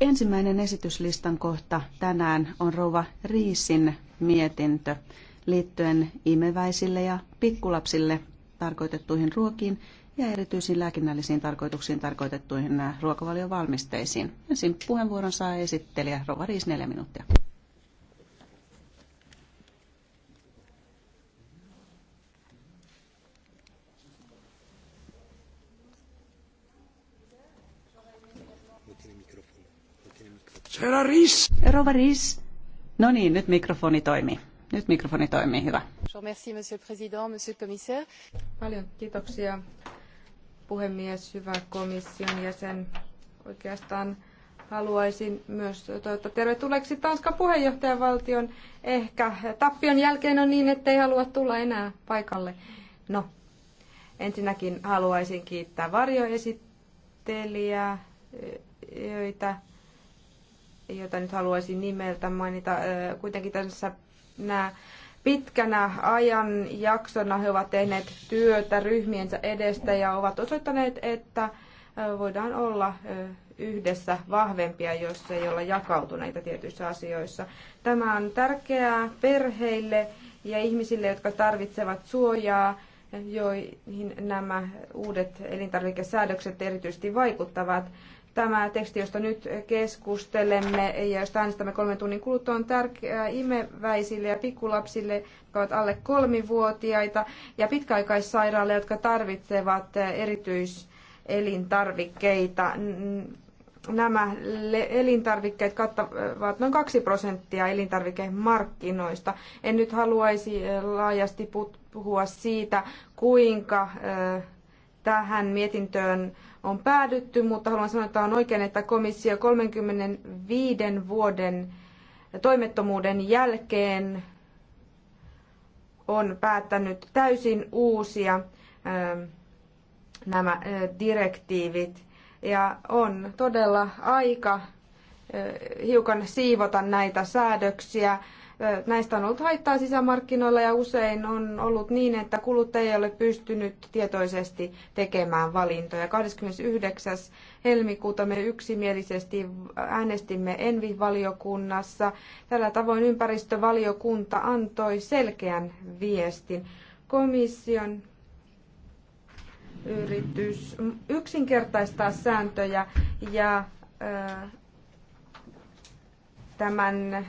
Ensimmäinen esityslistan kohta tänään on rouva Riisin mietintö liittyen imeväisille ja pikkulapsille tarkoitettuihin ruokiin ja erityisiin lääkinnällisiin tarkoituksiin tarkoitettuihin ruokavaliovalmisteisiin. Ensin puheenvuoron saa esittelijä rouva Riis, neljä minuuttia. Herra Riis. Rova Riis. No niin, nyt mikrofoni toimii. Nyt mikrofoni toimii, hyvä. Merci, monsieur le président, monsieur le commissaire. Paljon kiitoksia, puhemies, hyvä komission jäsen. Oikeastaan haluaisin myös toivottaa tervetulleeksi Tanskan puheenjohtajavaltion. Ehkä tappion jälkeen on niin, ettei halua tulla enää paikalle. No, ensinnäkin haluaisin kiittää varjoesittelijöitä, joita jota nyt haluaisin nimeltä mainita. Kuitenkin tässä nämä pitkänä ajan jaksona he ovat tehneet työtä ryhmiensä edestä ja ovat osoittaneet, että voidaan olla yhdessä vahvempia, jos ei olla jakautuneita tietyissä asioissa. Tämä on tärkeää perheille ja ihmisille, jotka tarvitsevat suojaa, joihin nämä uudet elintarvikesäädökset erityisesti vaikuttavat. Tämä teksti, josta nyt keskustelemme ja josta äänestämme kolmen tunnin kuluttua, on tärkeä imeväisille ja pikkulapsille, jotka ovat alle kolmivuotiaita, ja pitkäaikaissairaille, jotka tarvitsevat erityiselintarvikkeita nämä elintarvikkeet kattavat noin 2 prosenttia elintarvikemarkkinoista. En nyt haluaisi laajasti puhua siitä, kuinka tähän mietintöön on päädytty, mutta haluan sanoa, että on oikein, että komissio 35 vuoden toimettomuuden jälkeen on päättänyt täysin uusia ähm, nämä äh, direktiivit. Ja on todella aika äh, hiukan siivota näitä säädöksiä Näistä on ollut haittaa sisämarkkinoilla ja usein on ollut niin, että kuluttaja ei ole pystynyt tietoisesti tekemään valintoja. 29. helmikuuta me yksimielisesti äänestimme Envi-valiokunnassa. Tällä tavoin ympäristövaliokunta antoi selkeän viestin komission yritys yksinkertaistaa sääntöjä ja tämän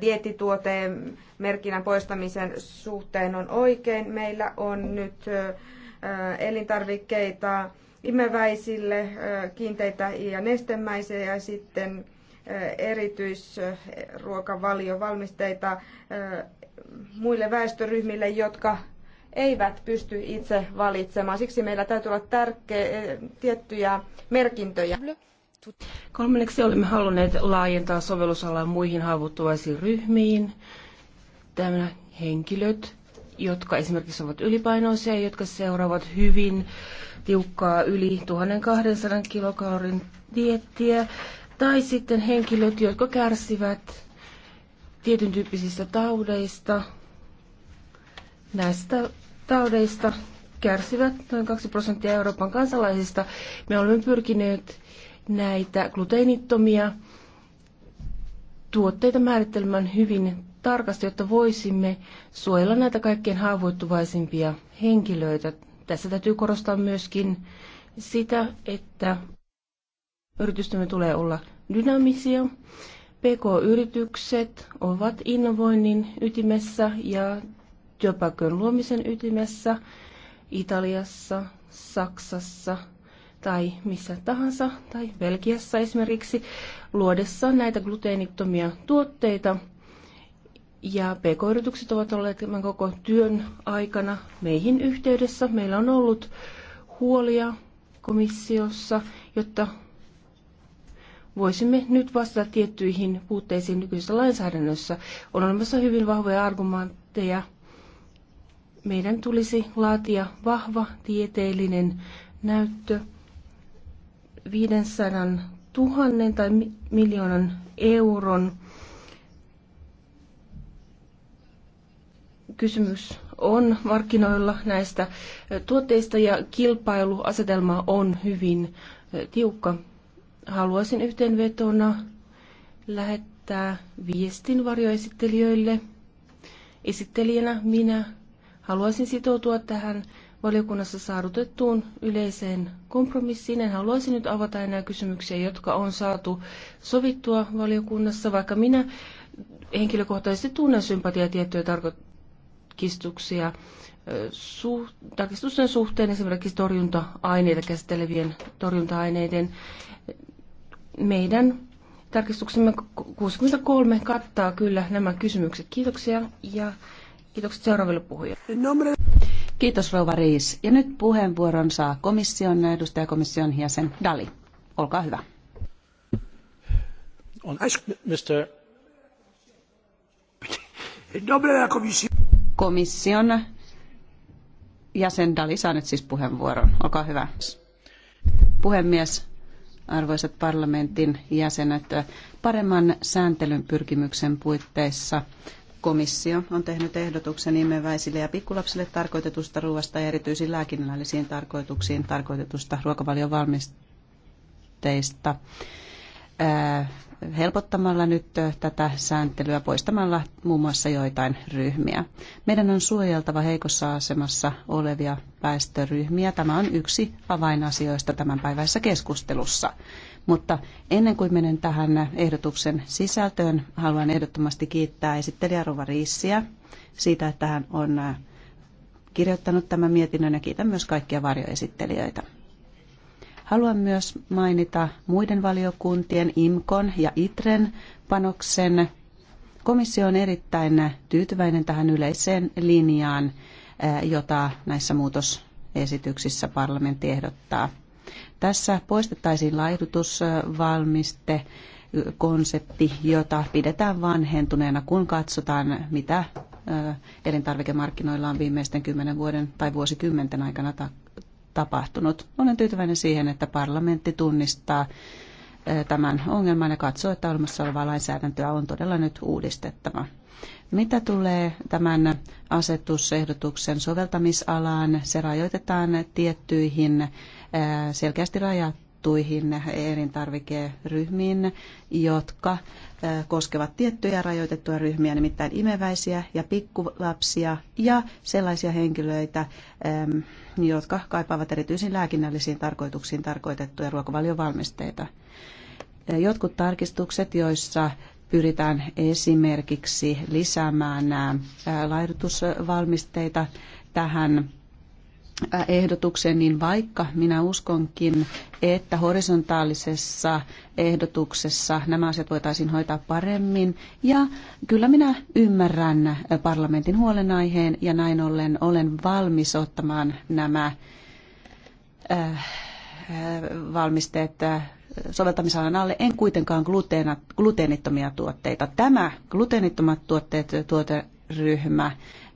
dietituoteen merkinnän poistamisen suhteen on oikein. Meillä on nyt elintarvikkeita imeväisille, kiinteitä ja nestemäisiä ja sitten erityisruokavaliovalmisteita muille väestöryhmille, jotka eivät pysty itse valitsemaan. Siksi meillä täytyy olla tärkeä, tiettyjä merkintöjä. Kolmanneksi olemme halunneet laajentaa sovellusalaa muihin haavoittuvaisiin ryhmiin. Tämä henkilöt, jotka esimerkiksi ovat ylipainoisia jotka seuraavat hyvin tiukkaa yli 1200 kilokalorin diettiä, tai sitten henkilöt, jotka kärsivät tietyn tyyppisistä taudeista. Näistä taudeista kärsivät noin 2 prosenttia Euroopan kansalaisista. Me olemme pyrkineet näitä gluteenittomia tuotteita määrittelemään hyvin tarkasti, jotta voisimme suojella näitä kaikkein haavoittuvaisimpia henkilöitä. Tässä täytyy korostaa myöskin sitä, että yritystämme tulee olla dynaamisia. PK-yritykset ovat innovoinnin ytimessä ja työpaikkojen luomisen ytimessä Italiassa, Saksassa, tai missä tahansa, tai Belgiassa esimerkiksi, luodessaan näitä gluteenittomia tuotteita. Ja PK-yritykset ovat olleet tämän koko työn aikana meihin yhteydessä. Meillä on ollut huolia komissiossa, jotta voisimme nyt vastata tiettyihin puutteisiin nykyisessä lainsäädännössä. On olemassa hyvin vahvoja argumentteja. Meidän tulisi laatia vahva tieteellinen näyttö 500 tuhannen tai miljoonan euron kysymys on markkinoilla näistä tuotteista ja kilpailuasetelma on hyvin tiukka. Haluaisin yhteenvetona lähettää viestin varjoesittelijöille. Esittelijänä minä haluaisin sitoutua tähän valiokunnassa saavutettuun yleiseen kompromissiin. En haluaisi nyt avata enää kysymyksiä, jotka on saatu sovittua valiokunnassa, vaikka minä henkilökohtaisesti tunnen sympatiaa tiettyjä tarkistuksia tarkistusten suhteen, esimerkiksi torjunta-aineita käsittelevien torjunta-aineiden. Meidän tarkistuksemme 63 kattaa kyllä nämä kysymykset. Kiitoksia ja kiitokset seuraaville puhujille. Kiitos rouva Riis. Ja nyt puheenvuoron saa komission edustajakomission jäsen Dali. Olkaa hyvä. On, Mr. Komission jäsen Dali saa nyt siis puheenvuoron. Olkaa hyvä. Puhemies, arvoisat parlamentin jäsenet, paremman sääntelyn pyrkimyksen puitteissa Komissio on tehnyt ehdotuksen imeväisille ja pikkulapsille tarkoitetusta ruoasta ja erityisiin lääkinnällisiin tarkoituksiin tarkoitetusta ruokavalion valmisteista helpottamalla nyt tätä sääntelyä poistamalla muun muassa joitain ryhmiä. Meidän on suojeltava heikossa asemassa olevia väestöryhmiä. Tämä on yksi avainasioista tämänpäiväisessä keskustelussa. Mutta ennen kuin menen tähän ehdotuksen sisältöön, haluan ehdottomasti kiittää esittelijä Rova Riissiä siitä, että hän on äh, kirjoittanut tämän mietinnön ja kiitän myös kaikkia varjoesittelijöitä. Haluan myös mainita muiden valiokuntien, IMKON ja ITREN panoksen. Komissio on erittäin tyytyväinen tähän yleiseen linjaan, äh, jota näissä muutosesityksissä parlamentti ehdottaa. Tässä poistettaisiin laihdutusvalmiste äh, konsepti, jota pidetään vanhentuneena, kun katsotaan, mitä äh, elintarvikemarkkinoilla on viimeisten kymmenen vuoden tai vuosikymmenten aikana ta- tapahtunut. Olen tyytyväinen siihen, että parlamentti tunnistaa äh, tämän ongelman ja katsoo, että olemassa olevaa lainsäädäntöä on todella nyt uudistettava. Mitä tulee tämän asetusehdotuksen soveltamisalaan, se rajoitetaan tiettyihin Äh, selkeästi rajattuihin elintarvikeryhmiin, jotka äh, koskevat tiettyjä rajoitettuja ryhmiä, nimittäin imeväisiä ja pikkulapsia ja sellaisia henkilöitä, ähm, jotka kaipaavat erityisiin lääkinnällisiin tarkoituksiin tarkoitettuja ruokavaliovalmisteita. Äh, jotkut tarkistukset, joissa pyritään esimerkiksi lisäämään laidutusvalmisteita tähän ehdotukseen, niin vaikka minä uskonkin, että horisontaalisessa ehdotuksessa nämä asiat voitaisiin hoitaa paremmin. Ja kyllä minä ymmärrän parlamentin huolenaiheen ja näin ollen olen valmis ottamaan nämä äh, äh valmisteet äh, soveltamisalan alle, en kuitenkaan gluteenittomia tuotteita. Tämä gluteenittomat tuotteet tuoteryhmä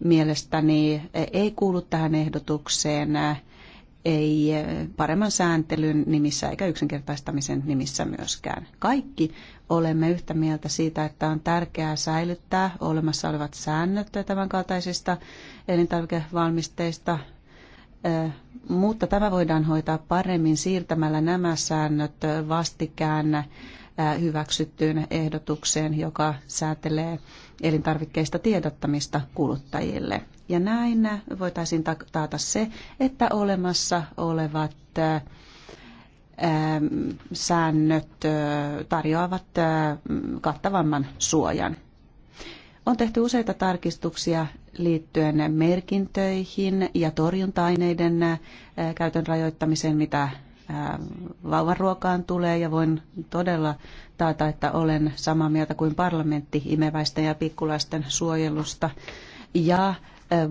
mielestäni ei kuulu tähän ehdotukseen, ei paremman sääntelyn nimissä eikä yksinkertaistamisen nimissä myöskään. Kaikki olemme yhtä mieltä siitä, että on tärkeää säilyttää olemassa olevat säännöt kaltaisista elintarvikevalmisteista, mutta tämä voidaan hoitaa paremmin siirtämällä nämä säännöt vastikään hyväksyttyyn ehdotukseen, joka säätelee elintarvikkeista tiedottamista kuluttajille. Ja näin voitaisiin taata se, että olemassa olevat säännöt tarjoavat kattavamman suojan. On tehty useita tarkistuksia liittyen merkintöihin ja torjunta-aineiden käytön rajoittamiseen, mitä vauvaruokaan tulee ja voin todella taata, että olen samaa mieltä kuin parlamentti imeväisten ja pikkulaisten suojelusta. Ja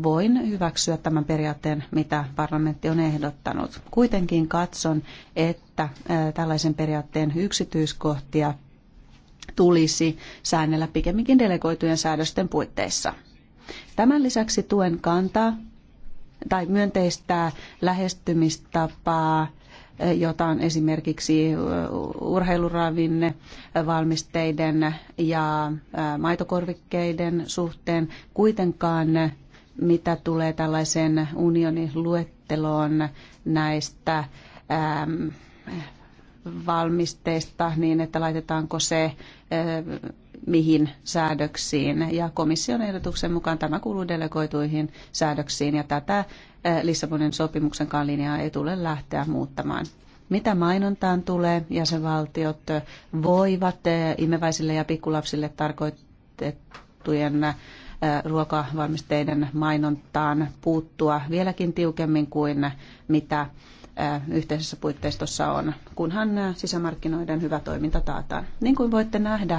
voin hyväksyä tämän periaatteen, mitä parlamentti on ehdottanut. Kuitenkin katson, että tällaisen periaatteen yksityiskohtia tulisi säännellä pikemminkin delegoitujen säädösten puitteissa. Tämän lisäksi tuen kantaa tai myönteistää lähestymistapaa jota on esimerkiksi urheiluravinne, valmisteiden ja maitokorvikkeiden suhteen. Kuitenkaan mitä tulee tällaiseen unionin luetteloon näistä valmisteista, niin että laitetaanko se mihin säädöksiin. Ja komission ehdotuksen mukaan tämä kuuluu delegoituihin säädöksiin ja tätä Lissabonin sopimuksenkaan linjaa ei tule lähteä muuttamaan. Mitä mainontaan tulee, jäsenvaltiot voivat imeväisille ja pikkulapsille tarkoitettujen ruokavalmisteiden mainontaan puuttua vieläkin tiukemmin kuin mitä Äh, yhteisessä puitteistossa on, kunhan äh, sisämarkkinoiden hyvä toiminta taataan. Niin kuin voitte nähdä,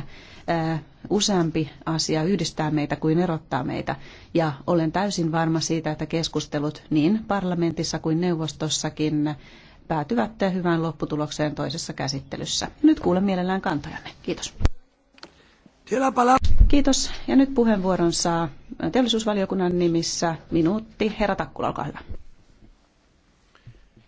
äh, useampi asia yhdistää meitä kuin erottaa meitä. Ja olen täysin varma siitä, että keskustelut niin parlamentissa kuin neuvostossakin päätyvät hyvään lopputulokseen toisessa käsittelyssä. Nyt kuulen mielellään kantajanne. Kiitos. Kiitos. Ja nyt puheenvuoron saa teollisuusvaliokunnan nimissä minuutti. Herra Takkula, olkaa hyvä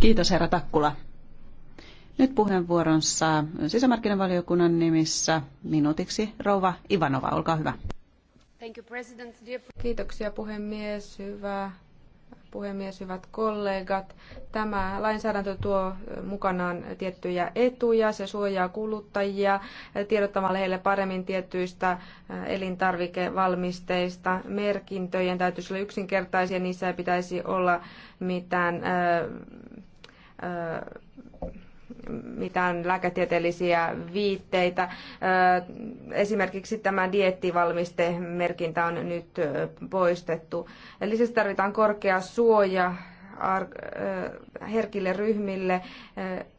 Kiitos herra Takkula. Nyt puheenvuoron saa sisämarkkinavaliokunnan nimissä minuutiksi rouva Ivanova, olkaa hyvä. Kiitoksia puhemies, hyvä puhemies, hyvät kollegat. Tämä lainsäädäntö tuo mukanaan tiettyjä etuja. Se suojaa kuluttajia tiedottamalla heille paremmin tietyistä elintarvikevalmisteista. Merkintöjen täytyisi olla yksinkertaisia, niissä ei pitäisi olla mitään mitään lääketieteellisiä viitteitä. Esimerkiksi tämä diettivalmistemerkintä on nyt poistettu. Lisäksi tarvitaan korkea suoja herkille ryhmille,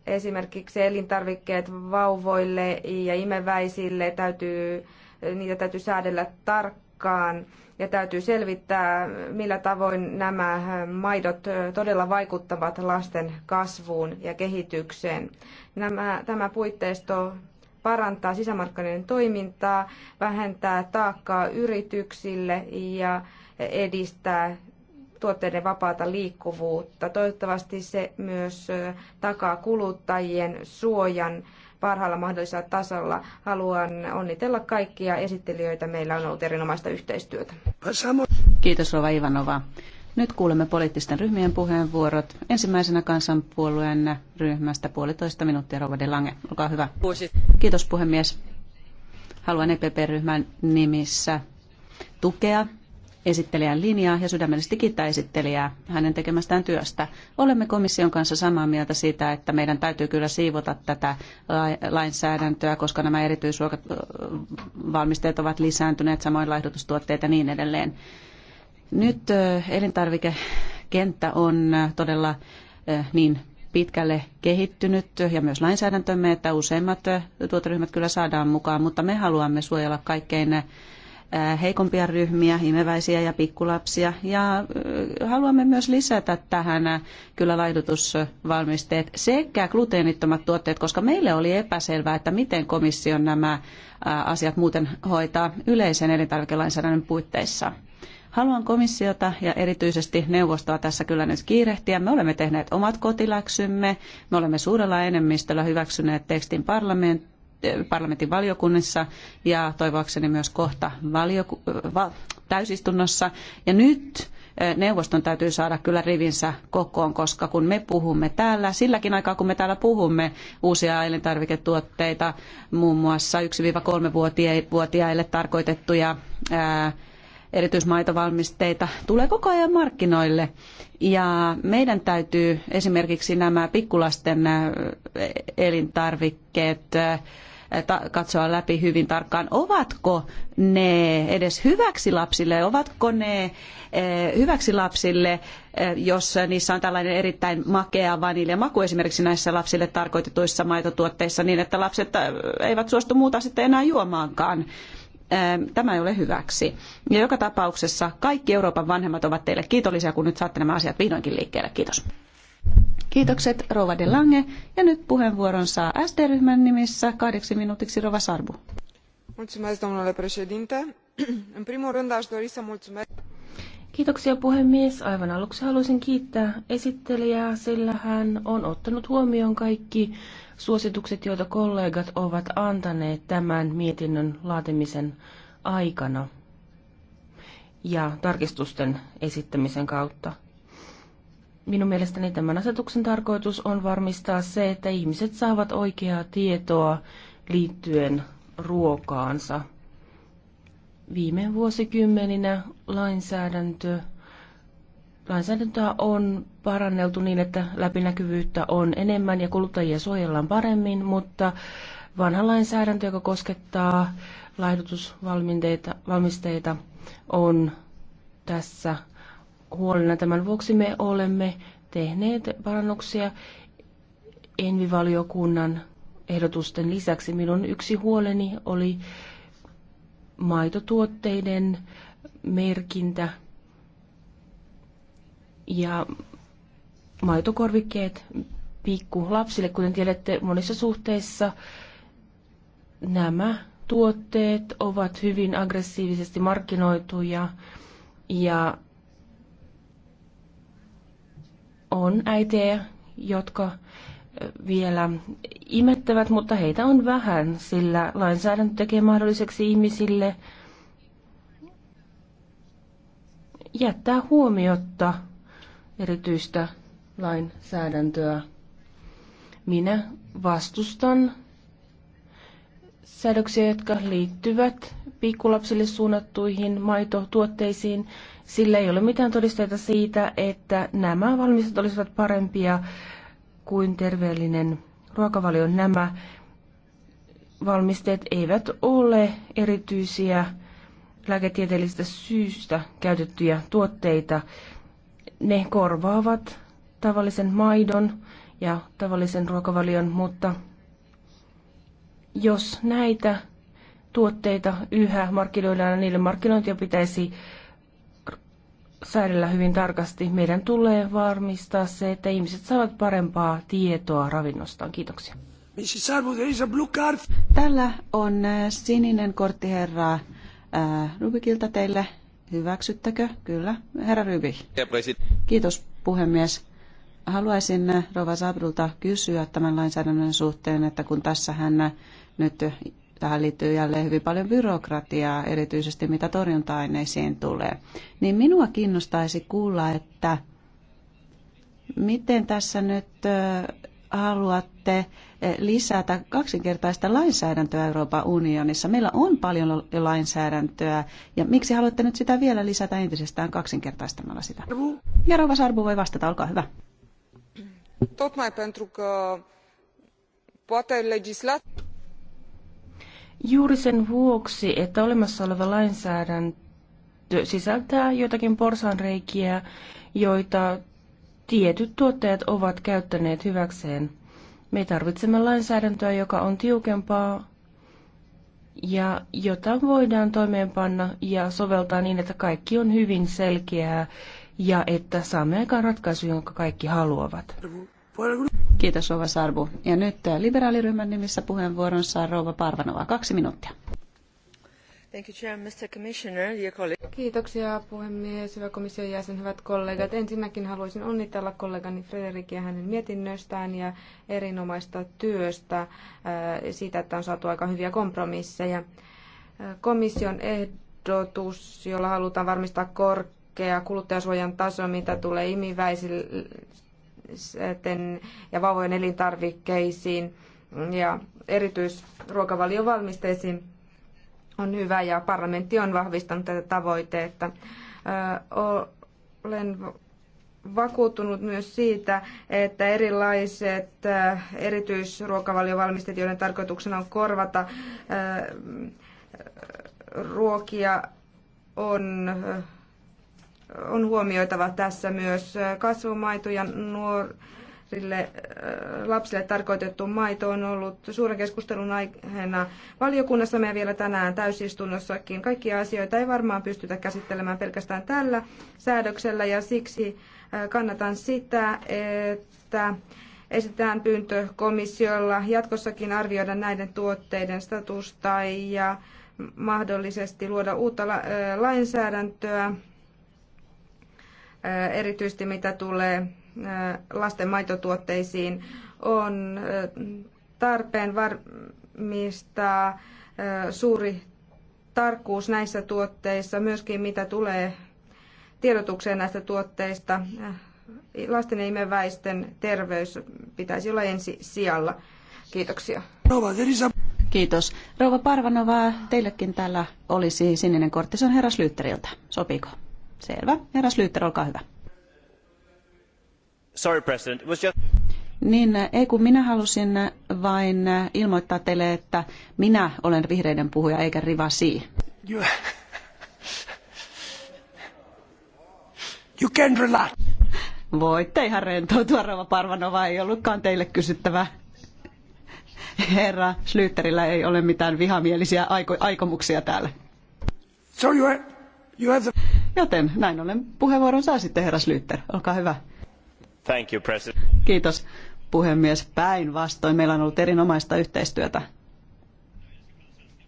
esimerkiksi elintarvikkeet vauvoille ja imeväisille täytyy, niitä täytyy säädellä tarkkaan ja täytyy selvittää, millä tavoin nämä maidot todella vaikuttavat lasten kasvuun ja kehitykseen. Nämä, tämä puitteisto parantaa sisämarkkinoiden toimintaa, vähentää taakkaa yrityksille ja edistää tuotteiden vapaata liikkuvuutta. Toivottavasti se myös takaa kuluttajien suojan parhaalla mahdollisella tasolla. Haluan onnitella kaikkia esittelijöitä. Meillä on ollut erinomaista yhteistyötä. Kiitos Rova Ivanova. Nyt kuulemme poliittisten ryhmien puheenvuorot. Ensimmäisenä kansanpuolueen ryhmästä puolitoista minuuttia Rova de Lange. Olkaa hyvä. Kiitos puhemies. Haluan EPP-ryhmän nimissä tukea esittelijän linjaa ja sydämellisesti kiittää esittelijää hänen tekemästään työstä. Olemme komission kanssa samaa mieltä siitä, että meidän täytyy kyllä siivota tätä lainsäädäntöä, koska nämä erityisruokat valmisteet ovat lisääntyneet, samoin laihdutustuotteet ja niin edelleen. Nyt elintarvikekenttä on todella niin pitkälle kehittynyt ja myös lainsäädäntömme, että useimmat tuoteryhmät kyllä saadaan mukaan, mutta me haluamme suojella kaikkein heikompia ryhmiä, imeväisiä ja pikkulapsia. Ja haluamme myös lisätä tähän kyllä laidutusvalmisteet sekä gluteenittomat tuotteet, koska meille oli epäselvää, että miten komission nämä asiat muuten hoitaa yleisen elintarvikelainsäädännön puitteissa. Haluan komissiota ja erityisesti neuvostoa tässä kyllä nyt kiirehtiä. Me olemme tehneet omat kotiläksymme, me olemme suurella enemmistöllä hyväksyneet tekstin parlamentti parlamentin valiokunnissa ja toivoakseni myös kohta valioku- täysistunnossa. Ja nyt eh, neuvoston täytyy saada kyllä rivinsä kokoon, koska kun me puhumme täällä, silläkin aikaa kun me täällä puhumme uusia elintarviketuotteita, muun muassa 1-3-vuotiaille tarkoitettuja ää, erityismaitovalmisteita tulee koko ajan markkinoille. Ja meidän täytyy esimerkiksi nämä pikkulasten elintarvikkeet Eh, katsoa läpi hyvin tarkkaan, ovatko ne edes hyväksi lapsille, ovatko ne eh, hyväksi lapsille, eh, jos niissä on tällainen erittäin makea vaniljamaku esimerkiksi näissä lapsille tarkoitetuissa maitotuotteissa niin, että lapset eivät suostu muuta sitten enää juomaankaan tämä ei ole hyväksi. Ja joka tapauksessa kaikki Euroopan vanhemmat ovat teille kiitollisia, kun nyt saatte nämä asiat vihdoinkin liikkeelle. Kiitos. Kiitokset Rova de Lange. Ja nyt puheenvuoron saa SD-ryhmän nimissä kahdeksi minuutiksi Rova Sarbu. Mulțumesc, domnule președinte. În primul rând aș dori să mulțumesc... Kiitoksia puhemies. Aivan aluksi haluaisin kiittää esittelijää, sillä hän on ottanut huomioon kaikki suositukset, joita kollegat ovat antaneet tämän mietinnön laatimisen aikana ja tarkistusten esittämisen kautta. Minun mielestäni tämän asetuksen tarkoitus on varmistaa se, että ihmiset saavat oikeaa tietoa liittyen ruokaansa. Viime vuosikymmeninä lainsäädäntö, lainsäädäntöä on paranneltu niin, että läpinäkyvyyttä on enemmän ja kuluttajia suojellaan paremmin, mutta vanha lainsäädäntö, joka koskettaa laihdutusvalmisteita, on tässä huolena. Tämän vuoksi me olemme tehneet parannuksia envivaliokunnan ehdotusten lisäksi. Minun yksi huoleni oli maitotuotteiden merkintä ja maitokorvikkeet pikku lapsille. Kuten tiedätte, monissa suhteissa nämä tuotteet ovat hyvin aggressiivisesti markkinoituja ja on äitejä, jotka vielä imettävät, mutta heitä on vähän, sillä lainsäädäntö tekee mahdolliseksi ihmisille jättää huomiotta erityistä lainsäädäntöä. Minä vastustan säädöksiä, jotka liittyvät pikkulapsille suunnattuihin maitotuotteisiin, sillä ei ole mitään todisteita siitä, että nämä valmistot olisivat parempia kuin terveellinen ruokavalio. Nämä valmisteet eivät ole erityisiä lääketieteellisistä syystä käytettyjä tuotteita. Ne korvaavat tavallisen maidon ja tavallisen ruokavalion, mutta jos näitä tuotteita yhä markkinoidaan, niille markkinointia pitäisi säädellä hyvin tarkasti. Meidän tulee varmistaa se, että ihmiset saavat parempaa tietoa ravinnostaan. Kiitoksia. Tällä on äh, sininen kortti herra äh, Rubikilta teille. hyväksyttäkö? Kyllä, herra Rubik. Kiitos puhemies. Haluaisin äh, Rova Sabrulta kysyä tämän lainsäädännön suhteen, että kun tässä hän nyt tähän liittyy jälleen hyvin paljon byrokratiaa, erityisesti mitä torjunta-aineisiin tulee, niin minua kiinnostaisi kuulla, että miten tässä nyt haluatte lisätä kaksinkertaista lainsäädäntöä Euroopan unionissa. Meillä on paljon lainsäädäntöä, ja miksi haluatte nyt sitä vielä lisätä entisestään kaksinkertaistamalla sitä? Ja Rova Sarbu voi vastata, olkaa hyvä. mai pentru că poate legislat... Juuri sen vuoksi, että olemassa oleva lainsäädäntö sisältää joitakin porsaanreikiä, joita tietyt tuottajat ovat käyttäneet hyväkseen. Me tarvitsemme lainsäädäntöä, joka on tiukempaa ja jota voidaan toimeenpanna ja soveltaa niin, että kaikki on hyvin selkeää ja että saamme aikaan ratkaisu, jonka kaikki haluavat. Kiitos Rova Sarbu. Ja nyt eh, liberaaliryhmän nimissä puheenvuoron saa Rova Parvanova. Kaksi minuuttia. Kiitoksia puhemies, hyvä komission jäsen, hyvät kollegat. Ensinnäkin haluaisin onnitella kollegani Frederikia hänen mietinnöstään ja erinomaista työstä eh, siitä, että on saatu aika hyviä kompromisseja. Eh, komission ehdotus, jolla halutaan varmistaa korkea kuluttajasuojan taso, mitä tulee imiväisille ja vauvojen elintarvikkeisiin ja erityisruokavaliovalmisteisiin on hyvä ja parlamentti on vahvistanut tätä tavoitetta. Olen vakuuttunut myös siitä, että erilaiset erityisruokavaliovalmisteet, joiden tarkoituksena on korvata ruokia, on on huomioitava tässä myös kasvumaito ja nuorille lapsille tarkoitettu maito on ollut suuren keskustelun aiheena valiokunnassa ja vielä tänään täysistunnossakin. Kaikkia asioita ei varmaan pystytä käsittelemään pelkästään tällä säädöksellä ja siksi kannatan sitä, että esitetään pyyntö komissiolla jatkossakin arvioida näiden tuotteiden statusta ja mahdollisesti luoda uutta lainsäädäntöä erityisesti mitä tulee lasten maitotuotteisiin, on tarpeen varmistaa suuri tarkkuus näissä tuotteissa, myöskin mitä tulee tiedotukseen näistä tuotteista. Lasten ja imeväisten terveys pitäisi olla ensi sijalla. Kiitoksia. Kiitos. Rouva Parvanova, teillekin täällä olisi sininen kortti. Se on herra Slytteriltä. Sopiiko? Selvä. Herra Slyytter, olkaa hyvä. Sorry, President. It was just... Niin, ei kun minä halusin vain ilmoittaa teille, että minä olen vihreiden puhuja eikä rivasi. You, you can relax. Voitte ihan rentoutua, Rova Parvanova, ei ollutkaan teille kysyttävää. Herra Slytterillä ei ole mitään vihamielisiä aiko- aikomuksia täällä. So you have, you have the... Joten näin ollen puheenvuoron saa sitten herra Slytter. Olkaa hyvä. Thank you, president. Kiitos puhemies. Päinvastoin meillä on ollut erinomaista yhteistyötä.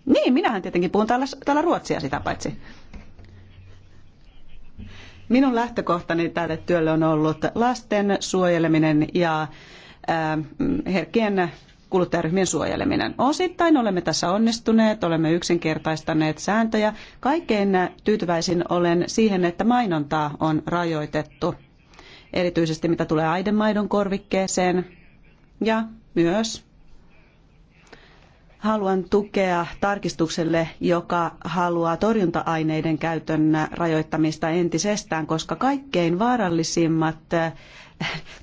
Niin, minähän tietenkin puhun täällä, täällä ruotsia sitä paitsi. Minun lähtökohtani tälle työlle on ollut lasten suojeleminen ja herkien kuluttajaryhmien suojeleminen. Osittain olemme tässä onnistuneet, olemme yksinkertaistaneet sääntöjä. Kaikkein tyytyväisin olen siihen, että mainontaa on rajoitettu, erityisesti mitä tulee aidemaidon korvikkeeseen ja myös haluan tukea tarkistukselle, joka haluaa torjunta-aineiden käytön rajoittamista entisestään, koska kaikkein vaarallisimmat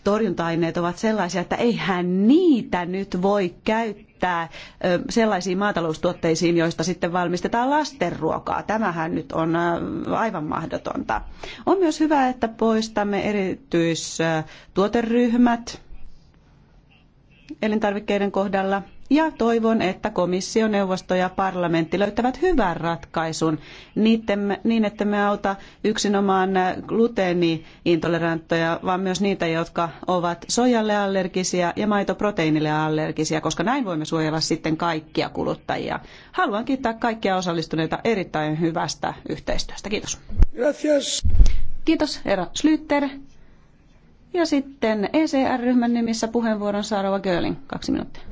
torjunta-aineet ovat sellaisia, että eihän niitä nyt voi käyttää sellaisiin maataloustuotteisiin, joista sitten valmistetaan lastenruokaa. Tämähän nyt on aivan mahdotonta. On myös hyvä, että poistamme erityistuoteryhmät elintarvikkeiden kohdalla – ja toivon, että komissio, neuvosto ja parlamentti löytävät hyvän ratkaisun niin, että me auta yksinomaan gluteeni-intolerantteja, vaan myös niitä, jotka ovat sojalle allergisia ja maitoproteiinille allergisia, koska näin voimme suojella sitten kaikkia kuluttajia. Haluan kiittää kaikkia osallistuneita erittäin hyvästä yhteistyöstä. Kiitos. Gracias. Kiitos, herra Ja sitten ECR-ryhmän nimissä puheenvuoron Saarova Göling, kaksi minuuttia.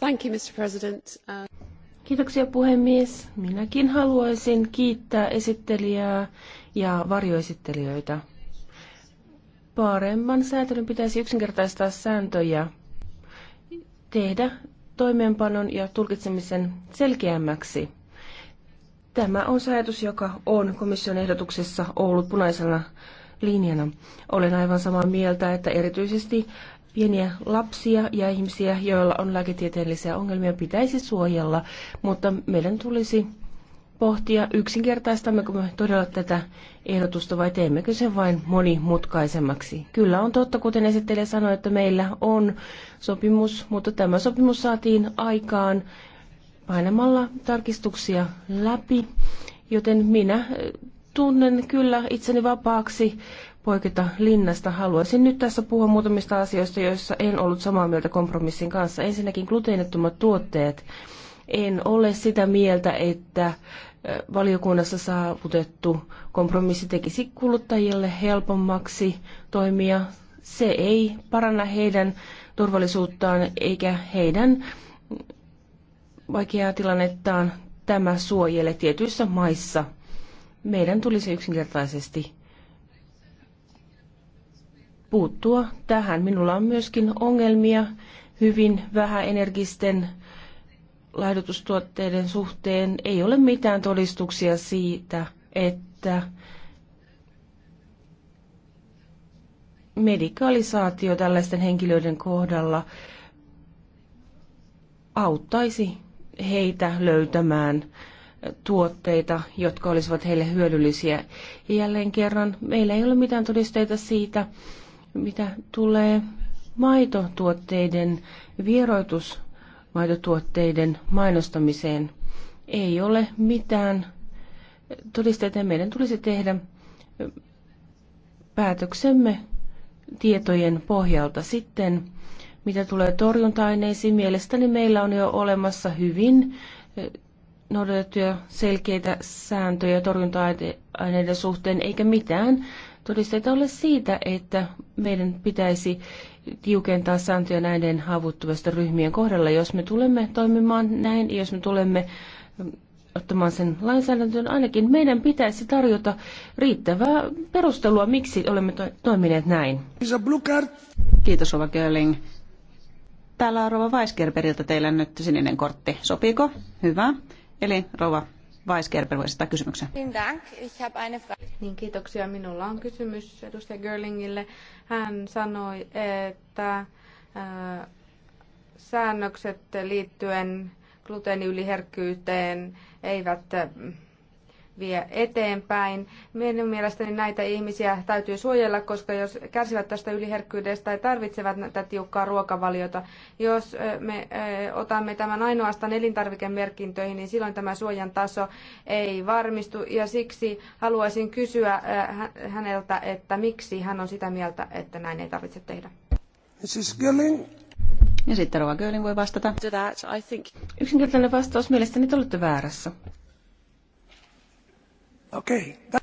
Mr. President. Uh, Kiitoksia puhemies. Minäkin haluaisin kiittää esittelijää ja varjoesittelijöitä. Paremman säätelyn pitäisi yksinkertaistaa sääntöjä, tehdä toimeenpanon ja tulkitsemisen selkeämmäksi. Tämä on säädös, joka on komission ehdotuksessa ollut punaisena linjana. Olen aivan samaa mieltä, että erityisesti pieniä lapsia ja ihmisiä, joilla on lääketieteellisiä ongelmia, pitäisi suojella, mutta meidän tulisi pohtia, yksinkertaistammeko me todella tätä ehdotusta vai teemmekö sen vain monimutkaisemmaksi. Kyllä on totta, kuten esittelijä sanoi, että meillä on sopimus, mutta tämä sopimus saatiin aikaan painamalla tarkistuksia läpi, joten minä tunnen kyllä itseni vapaaksi poiketa linnasta. Haluaisin nyt tässä puhua muutamista asioista, joissa en ollut samaa mieltä kompromissin kanssa. Ensinnäkin gluteenittomat tuotteet. En ole sitä mieltä, että valiokunnassa saavutettu kompromissi tekisi kuluttajille helpommaksi toimia. Se ei paranna heidän turvallisuuttaan eikä heidän vaikeaa tilannettaan tämä suojelee tietyissä maissa. Meidän tulisi yksinkertaisesti puuttua tähän. Minulla on myöskin ongelmia hyvin vähäenergisten laihdutustuotteiden suhteen. Ei ole mitään todistuksia siitä, että medikalisaatio tällaisten henkilöiden kohdalla auttaisi heitä löytämään tuotteita, jotka olisivat heille hyödyllisiä. jälleen kerran, meillä ei ole mitään todisteita siitä, mitä tulee maitotuotteiden, vieroitusmaitotuotteiden mainostamiseen. Ei ole mitään todisteita. Meidän tulisi tehdä päätöksemme tietojen pohjalta sitten, mitä tulee torjunta-aineisiin. Mielestäni meillä on jo olemassa hyvin noudatettuja selkeitä sääntöjä torjunta-aineiden suhteen, eikä mitään todisteita ole siitä, että meidän pitäisi tiukentaa sääntöjä näiden haavoittuvasta ryhmien kohdalla. Jos me tulemme toimimaan näin, jos me tulemme mm, ottamaan sen lainsäädäntöön, ainakin meidän pitäisi tarjota riittävää perustelua, miksi olemme to- toimineet näin. Kiitos Ova Köling. Täällä on Rova Weisgerberiltä teillä nyt sininen kortti. Sopiiko? Hyvä. Eli Rova Weisgerber voi esittää kysymyksen. Niin, kiitoksia. Minulla on kysymys edustaja Görlingille. Hän sanoi, että äh, säännökset liittyen gluteeniyliherkkyyteen eivät äh, vie eteenpäin. Minun mielestäni näitä ihmisiä täytyy suojella, koska jos kärsivät tästä yliherkkyydestä tai tarvitsevat tätä tiukkaa ruokavaliota, jos me otamme tämän ainoastaan elintarvikemerkintöihin, niin silloin tämä suojan taso ei varmistu. Ja siksi haluaisin kysyä häneltä, että miksi hän on sitä mieltä, että näin ei tarvitse tehdä. Mrs. Gilling. Ja sitten Rova Gölin voi vastata. Yksinkertainen vastaus mielestäni te olette väärässä. Okei. Okay.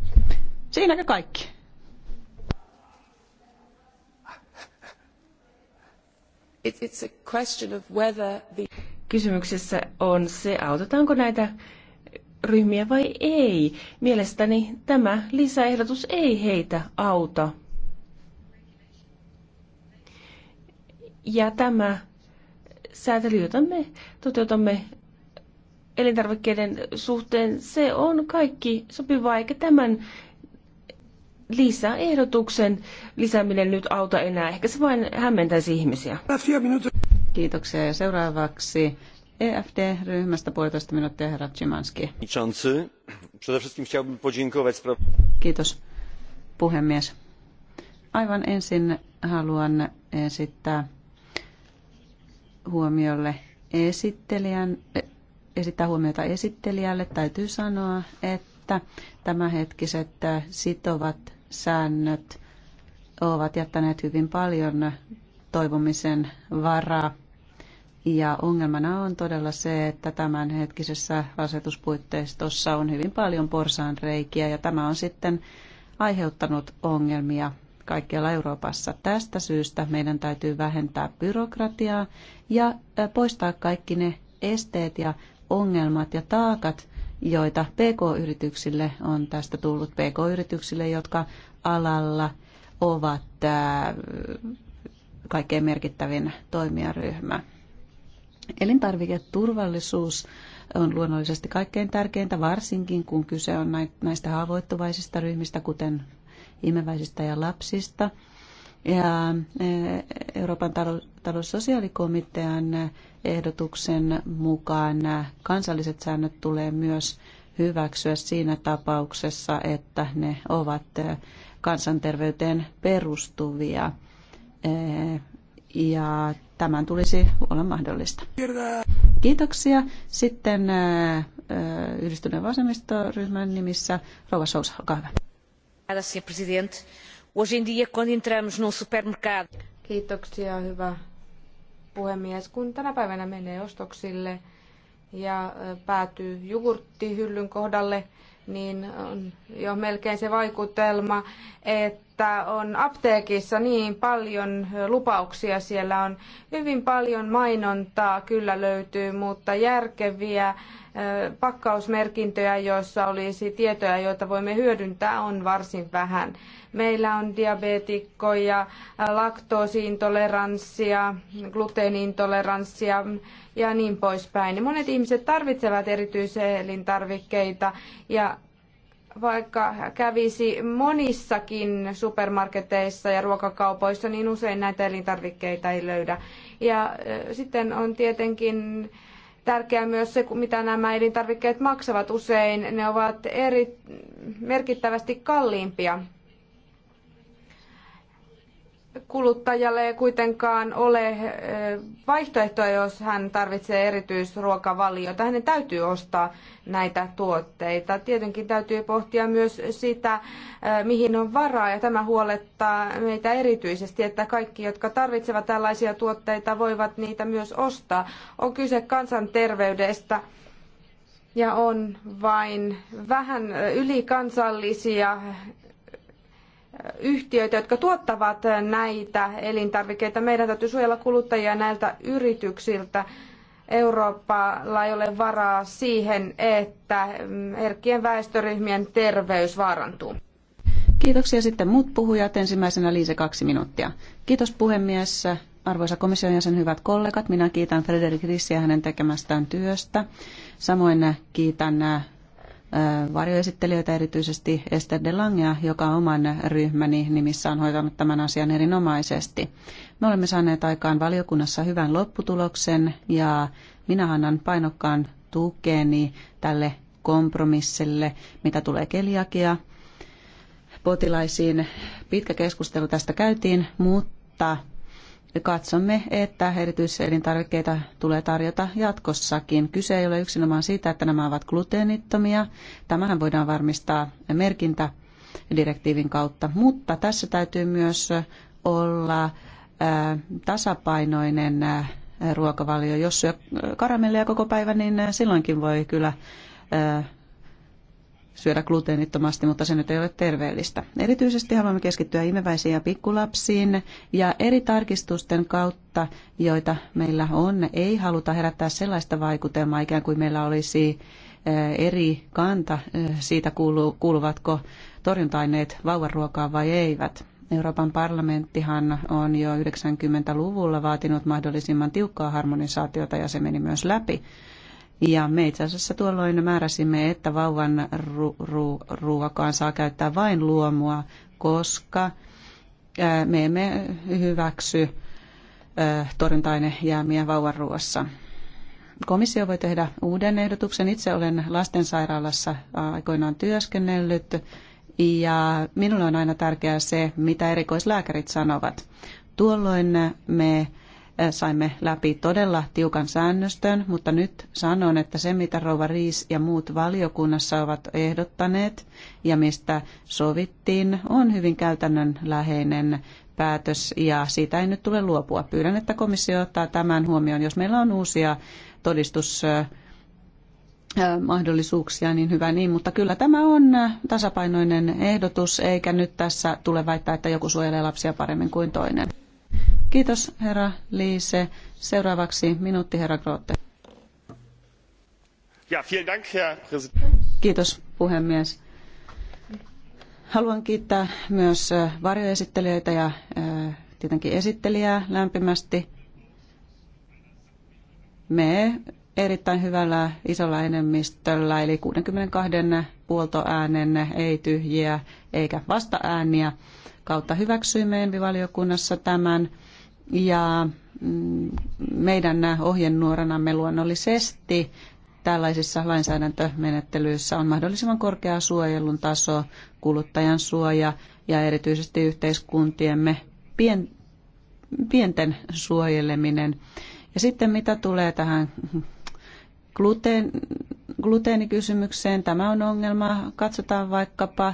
Siinäkö kaikki? it's a question of whether the... Kysymyksessä on se, autetaanko näitä ryhmiä vai ei. Mielestäni tämä lisäehdotus ei heitä auta. Ja tämä säätely, jota me toteutamme elintarvikkeiden suhteen, se on kaikki sopivaa, eikä tämän lisäehdotuksen lisääminen nyt auta enää. Ehkä se vain hämmentäisi ihmisiä. Kiitoksia ja seuraavaksi EFD-ryhmästä puolitoista minuuttia herra Cimanski. Kiitos puhemies. Aivan ensin haluan esittää huomiolle esittelijän esittää huomiota esittelijälle. Täytyy sanoa, että tämänhetkiset sitovat säännöt ovat jättäneet hyvin paljon toivomisen varaa. Ja ongelmana on todella se, että tämänhetkisessä asetuspuitteistossa on hyvin paljon reikiä ja tämä on sitten aiheuttanut ongelmia kaikkialla Euroopassa. Tästä syystä meidän täytyy vähentää byrokratiaa ja poistaa kaikki ne esteet ja ongelmat ja taakat, joita PK-yrityksille on tästä tullut. PK-yrityksille, jotka alalla ovat äh, kaikkein merkittävin toimijaryhmä. Elintarviketurvallisuus on luonnollisesti kaikkein tärkeintä, varsinkin kun kyse on näistä haavoittuvaisista ryhmistä, kuten imeväisistä ja lapsista ja e, Euroopan taloussosiaalikomitean ehdotuksen mukaan kansalliset säännöt tulee myös hyväksyä siinä tapauksessa, että ne ovat e, kansanterveyteen perustuvia. E, ja tämän tulisi olla mahdollista. Kiitoksia. Sitten yhdistyneen vasemmistoryhmän nimissä Rova Sousa, olkaa hyvä. Gracias, presidente. Hoje em dia, quando entramos num supermercado... Kiitoksia, hyvä puhemies. Kun tänä päivänä menee ostoksille ja päätyy jogurttihyllyn kohdalle, niin on jo melkein se vaikutelma, että on apteekissa niin paljon lupauksia, siellä on hyvin paljon mainontaa kyllä löytyy, mutta järkeviä pakkausmerkintöjä, joissa olisi tietoja, joita voimme hyödyntää, on varsin vähän. Meillä on diabeetikkoja, laktoosiintoleranssia, gluteenintoleranssia ja niin poispäin. Monet ihmiset tarvitsevat erityiselintarvikkeita ja vaikka kävisi monissakin supermarketeissa ja ruokakaupoissa, niin usein näitä elintarvikkeita ei löydä. Ja sitten on tietenkin tärkeää myös se, mitä nämä elintarvikkeet maksavat usein. Ne ovat eri, merkittävästi kalliimpia kuluttajalle ei kuitenkaan ole eh, vaihtoehtoa, jos hän tarvitsee erityisruokavaliota. Hänen täytyy ostaa näitä tuotteita. Tietenkin täytyy pohtia myös sitä, eh, mihin on varaa, ja tämä huolettaa meitä erityisesti, että kaikki, jotka tarvitsevat tällaisia tuotteita, voivat niitä myös ostaa. On kyse kansanterveydestä ja on vain vähän ylikansallisia yhtiöitä, jotka tuottavat näitä elintarvikkeita. Meidän täytyy suojella kuluttajia näiltä yrityksiltä. Euroopalla ei ole varaa siihen, että herkkien väestöryhmien terveys vaarantuu. Kiitoksia sitten muut puhujat. Ensimmäisenä Liise kaksi minuuttia. Kiitos puhemies. Arvoisa komission jäsen, hyvät kollegat, minä kiitän Frederik Rissiä hänen tekemästään työstä. Samoin kiitän varjoesittelijöitä, erityisesti Esther de Langea, joka oman ryhmäni nimissä on hoitanut tämän asian erinomaisesti. Me olemme saaneet aikaan valiokunnassa hyvän lopputuloksen ja minä annan painokkaan tukeni tälle kompromissille, mitä tulee keliakia potilaisiin. Pitkä keskustelu tästä käytiin, mutta katsomme, että erityiselintarvikkeita tulee tarjota jatkossakin. Kyse ei ole yksinomaan siitä, että nämä ovat gluteenittomia. Tämähän voidaan varmistaa merkintä direktiivin kautta, mutta tässä täytyy myös olla tasapainoinen ruokavalio. Jos syö karamellia koko päivän, niin silloinkin voi kyllä syödä gluteenittomasti, mutta se nyt ei ole terveellistä. Erityisesti haluamme keskittyä imeväisiin ja pikkulapsiin ja eri tarkistusten kautta, joita meillä on, ei haluta herättää sellaista vaikutelmaa, ikään kuin meillä olisi eh, eri kanta eh, siitä, kuuluvatko torjunta-aineet vauvaruokaan vai eivät. Euroopan parlamenttihan on jo 90-luvulla vaatinut mahdollisimman tiukkaa harmonisaatiota ja se meni myös läpi. Ja me itse asiassa tuolloin määräsimme, että vauvan ru- ru- ruokaan saa käyttää vain luomua, koska me emme hyväksy torjunta-ainejäämiä vauvan ruoassa. Komissio voi tehdä uuden ehdotuksen. Itse olen lastensairaalassa aikoinaan työskennellyt ja minulle on aina tärkeää se, mitä erikoislääkärit sanovat. Tuolloin me saimme läpi todella tiukan säännöstön, mutta nyt sanon, että se mitä Rouva Riis ja muut valiokunnassa ovat ehdottaneet ja mistä sovittiin, on hyvin käytännönläheinen läheinen päätös ja siitä ei nyt tule luopua. Pyydän, että komissio ottaa tämän huomioon. Jos meillä on uusia todistus mahdollisuuksia, niin hyvä niin, mutta kyllä tämä on tasapainoinen ehdotus, eikä nyt tässä tule väittää, että joku suojelee lapsia paremmin kuin toinen. Kiitos herra Liise. Seuraavaksi minuutti herra Grote. Ja, dank, herr Kiitos puhemies. Haluan kiittää myös varjoesittelijöitä ja tietenkin esittelijää lämpimästi. Me erittäin hyvällä isolla enemmistöllä, eli 62 puoltoäänen, ei tyhjiä eikä vastaääniä, kautta hyväksyimme envivaliokunnassa tämän ja mm, meidän ohjenuoranamme luonnollisesti tällaisissa lainsäädäntömenettelyissä on mahdollisimman korkea suojelun taso, kuluttajan suoja ja erityisesti yhteiskuntiemme pien, pienten suojeleminen. Ja sitten mitä tulee tähän gluteen, gluteenikysymykseen, tämä on ongelma. Katsotaan vaikkapa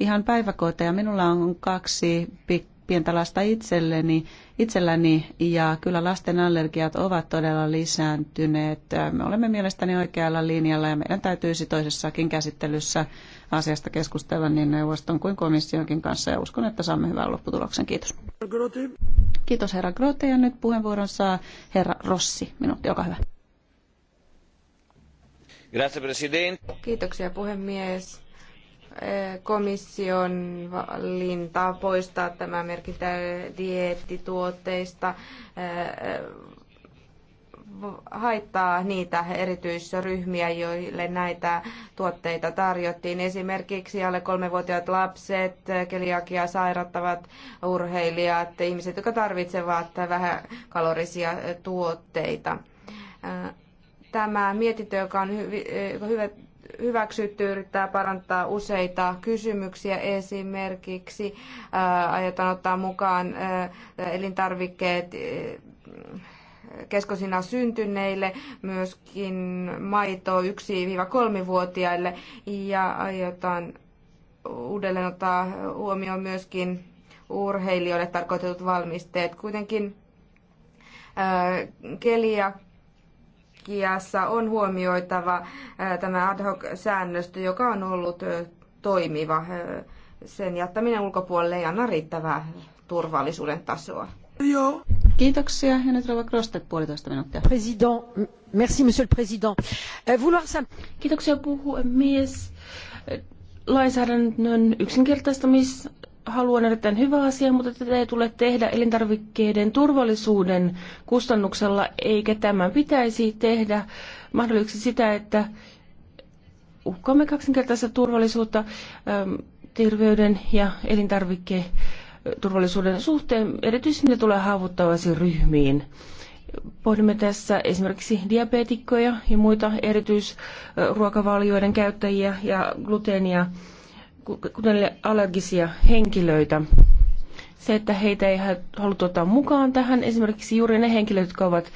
ihan päiväkoita ja minulla on kaksi pientä lasta itselleni, itselläni ja kyllä lasten allergiat ovat todella lisääntyneet. Me olemme mielestäni oikealla linjalla ja meidän täytyisi toisessakin käsittelyssä asiasta keskustella niin neuvoston kuin komissionkin kanssa ja uskon, että saamme hyvän lopputuloksen. Kiitos. Kiitos herra Grote ja nyt puheenvuoron saa herra Rossi. Minuutti, olkaa hyvä. Kiitoksia puhemies komission valintaa poistaa tämä merkintä dieettituotteista haittaa niitä erityisryhmiä, joille näitä tuotteita tarjottiin. Esimerkiksi alle kolmevuotiaat lapset, keliakia sairattavat urheilijat, ihmiset, jotka tarvitsevat vähäkalorisia tuotteita. Tämä mietintö, joka on hyvä hyväksytty yrittää parantaa useita kysymyksiä. Esimerkiksi äh, aiotaan ottaa mukaan äh, elintarvikkeet äh, keskosina syntyneille, myöskin maito 1-3-vuotiaille ja aiotaan uudelleen ottaa huomioon myöskin urheilijoille tarkoitetut valmisteet. Kuitenkin keliä strategiassa on huomioitava äh, tämä ad hoc-säännöstö, joka on ollut äh, toimiva. Äh, sen jättäminen ulkopuolelle ei anna riittävää turvallisuuden tasoa. Joo. Kiitoksia. Ja nyt Rova Krostet puolitoista minuuttia. President, merci monsieur le président. Euh, vouloir ça... Kiitoksia puhemies. Lainsäädännön yksinkertaistamis haluan erittäin hyvä asia, mutta tätä ei tule tehdä elintarvikkeiden turvallisuuden kustannuksella, eikä tämän pitäisi tehdä mahdolliseksi sitä, että uhkaamme kaksinkertaista turvallisuutta ähm, terveyden ja elintarvikkeen turvallisuuden suhteen, erityisesti mitä tulee haavuttavaisiin ryhmiin. Pohdimme tässä esimerkiksi diabeetikkoja ja muita erityisruokavalioiden käyttäjiä ja gluteenia kuten allergisia henkilöitä. Se, että heitä ei haluttu ottaa mukaan tähän, esimerkiksi juuri ne henkilöt, jotka ovat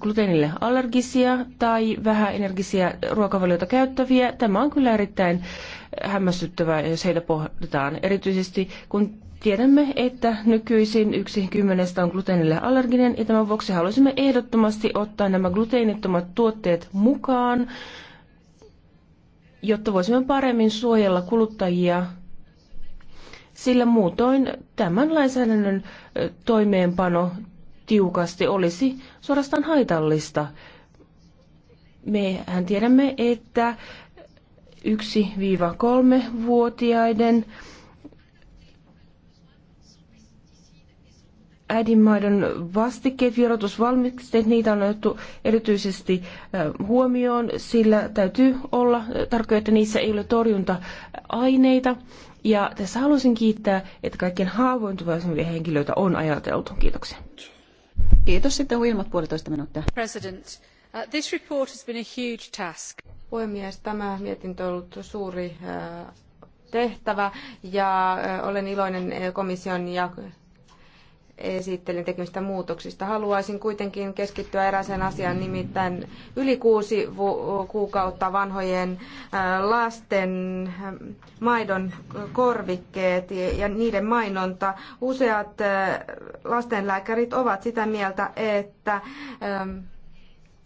gluteenille allergisia tai vähäenergisiä ruokavalioita käyttäviä. Tämä on kyllä erittäin hämmästyttävää, jos heitä pohditaan. Erityisesti kun tiedämme, että nykyisin yksi kymmenestä on gluteenille allerginen ja tämän vuoksi haluaisimme ehdottomasti ottaa nämä gluteenittomat tuotteet mukaan jotta voisimme paremmin suojella kuluttajia, sillä muutoin tämän lainsäädännön toimeenpano tiukasti olisi suorastaan haitallista. Mehän tiedämme, että 1-3-vuotiaiden äidinmaidon vastikkeet, vierotusvalmisteet, niitä on otettu erityisesti huomioon, sillä täytyy olla tarkoja, että niissä ei ole torjunta-aineita. Ja tässä haluaisin kiittää, että kaikkien haavoittuvaisimpia henkilöitä on ajateltu. Kiitoksia. Kiitos. Sitten huimat puolitoista minuuttia. President, uh, this report has been a huge task. Puhemies, tämä mietintö on ollut suuri uh, tehtävä ja uh, olen iloinen uh, komission ja esittelin tekemistä muutoksista. Haluaisin kuitenkin keskittyä erääseen asiaan, nimittäin yli kuusi kuukautta vanhojen lasten maidon korvikkeet ja niiden mainonta. Useat lastenlääkärit ovat sitä mieltä, että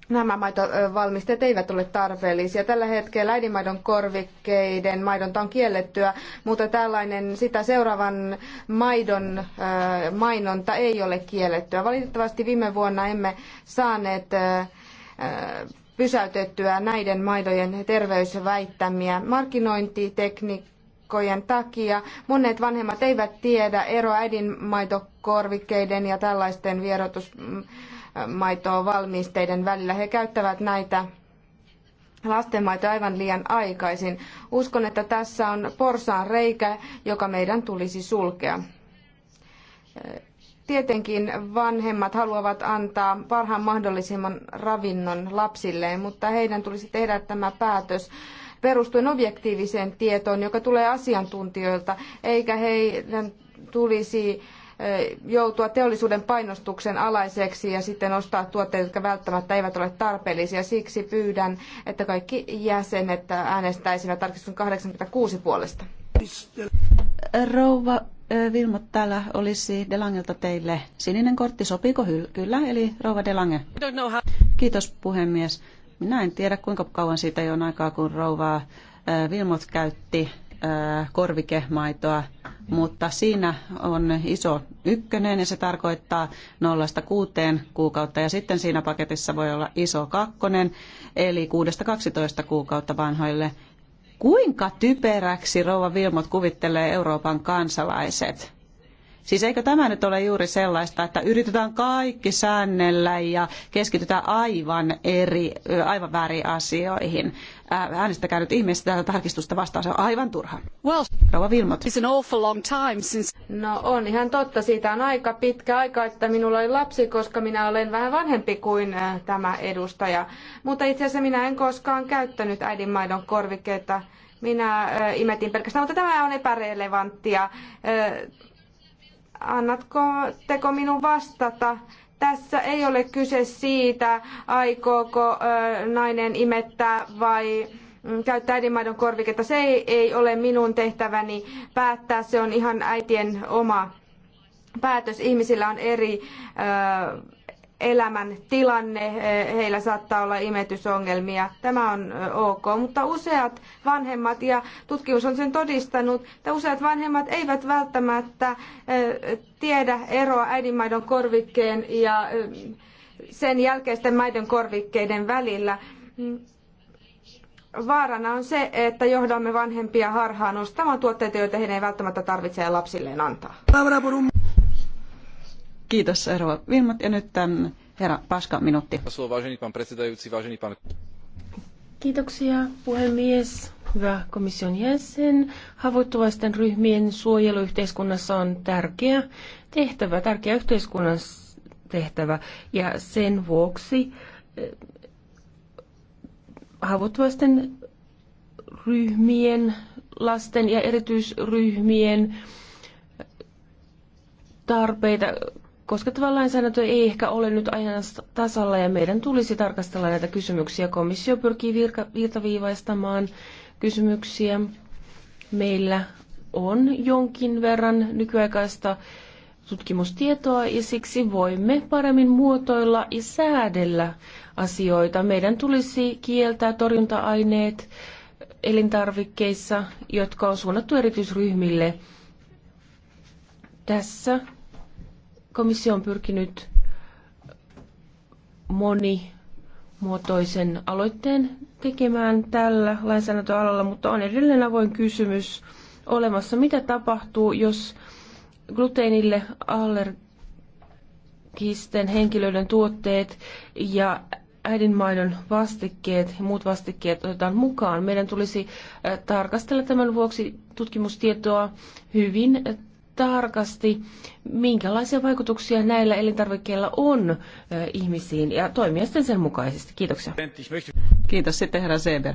nämä maitovalmisteet eivät ole tarpeellisia. Tällä hetkellä äidinmaidon korvikkeiden maidonta on kiellettyä, mutta tällainen sitä seuraavan maidon mainonta ei ole kiellettyä. Valitettavasti viime vuonna emme saaneet pysäytettyä näiden maidojen terveysväittämiä. Markkinointitekniikka takia. Monet vanhemmat eivät tiedä eroa äidinmaitokorvikkeiden ja tällaisten vierotus maitovalmisteiden välillä. He käyttävät näitä lastenmaito aivan liian aikaisin. Uskon, että tässä on porsaan reikä, joka meidän tulisi sulkea. Tietenkin vanhemmat haluavat antaa parhaan mahdollisimman ravinnon lapsilleen, mutta heidän tulisi tehdä tämä päätös perustuen objektiiviseen tietoon, joka tulee asiantuntijoilta, eikä heidän tulisi joutua teollisuuden painostuksen alaiseksi ja sitten ostaa tuotteita, jotka välttämättä eivät ole tarpeellisia. Siksi pyydän, että kaikki jäsenet äänestäisivät tarkistuksen 86 puolesta. Rouva Vilmo, täällä olisi Delangelta teille sininen kortti. Sopiiko kyllä? Eli Rouva Delange. Kiitos puhemies. Minä en tiedä kuinka kauan siitä on aikaa, kun Rouva Vilmot käytti korvikemaitoa mutta siinä on iso ykkönen ja se tarkoittaa nollasta kuuteen kuukautta ja sitten siinä paketissa voi olla iso kakkonen eli kuudesta 12 kuukautta vanhoille. Kuinka typeräksi rouva Vilmot kuvittelee Euroopan kansalaiset? Siis eikö tämä nyt ole juuri sellaista, että yritetään kaikki säännellä ja keskitytään aivan eri, aivan väärin asioihin? Äänestäkää nyt ihmeessä tätä tarkistusta vastaan, se on aivan turha. Well, Rova Vilmot. It's an awful long time since... No on ihan totta, siitä on aika pitkä aika, että minulla oli lapsi, koska minä olen vähän vanhempi kuin tämä edustaja. Mutta itse asiassa minä en koskaan käyttänyt äidinmaidon korvikkeita minä imetin pelkästään, mutta tämä on epärelevanttia. Annatko teko minun vastata? Tässä ei ole kyse siitä, aikooko nainen imettää vai mm, käyttää äidinmaidon korviketta. Se ei, ei ole minun tehtäväni päättää, se on ihan äitien oma päätös. Ihmisillä on eri ö, elämän tilanne, eh, heillä saattaa olla imetysongelmia. Tämä on eh, ok, mutta useat vanhemmat, ja tutkimus on sen todistanut, että useat vanhemmat eivät välttämättä eh, tiedä eroa äidinmaidon korvikkeen ja sen jälkeisten maidon korvikkeiden välillä. Vaarana on se, että johdamme vanhempia harhaan ostamaan tuotteita, joita heidän ei välttämättä tarvitse lapsilleen antaa. Kiitos, Rova Vilmat. Ja nyt tämän herra Paska, minuutti. Kiitoksia, puhemies. Hyvä komission jäsen. Haavoittuvaisten ryhmien suojelu yhteiskunnassa on tärkeä tehtävä, tärkeä yhteiskunnan tehtävä. Ja sen vuoksi eh, haavoittuvaisten ryhmien, lasten ja erityisryhmien tarpeita koskettava lainsäädäntö ei ehkä ole nyt ajan tasalla ja meidän tulisi tarkastella näitä kysymyksiä. Komissio pyrkii virka, virtaviivaistamaan kysymyksiä. Meillä on jonkin verran nykyaikaista tutkimustietoa ja siksi voimme paremmin muotoilla ja säädellä asioita. Meidän tulisi kieltää torjunta-aineet elintarvikkeissa, jotka on suunnattu erityisryhmille. Tässä komissio on pyrkinyt moni muotoisen aloitteen tekemään tällä lainsäädäntöalalla, mutta on edelleen avoin kysymys olemassa, mitä tapahtuu, jos gluteenille allergisten henkilöiden tuotteet ja äidinmaidon vastikkeet ja muut vastikkeet otetaan mukaan. Meidän tulisi äh, tarkastella tämän vuoksi tutkimustietoa hyvin tarkasti, minkälaisia vaikutuksia näillä elintarvikkeilla on ihmisiin ja toimia sitten sen mukaisesti. Kiitoksia. Kiitos sitten herra Seber.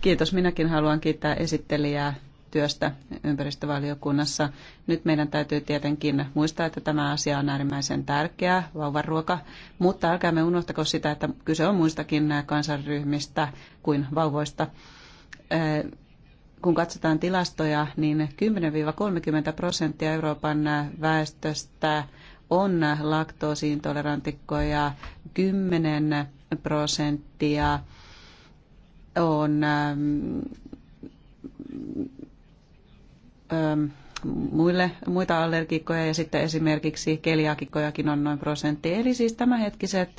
Kiitos. Minäkin haluan kiittää esittelijää työstä ympäristövaliokunnassa. Nyt meidän täytyy tietenkin muistaa, että tämä asia on äärimmäisen tärkeä, vauvaruoka, mutta älkäämme unohtako sitä, että kyse on muistakin kansanryhmistä kuin vauvoista kun katsotaan tilastoja, niin 10-30 prosenttia Euroopan väestöstä on laktoosiintolerantikkoja, 10 prosenttia on ähm, ähm, muille, muita allergikkoja ja sitten esimerkiksi keliakikkojakin on noin prosentti. Eli siis tämänhetkiset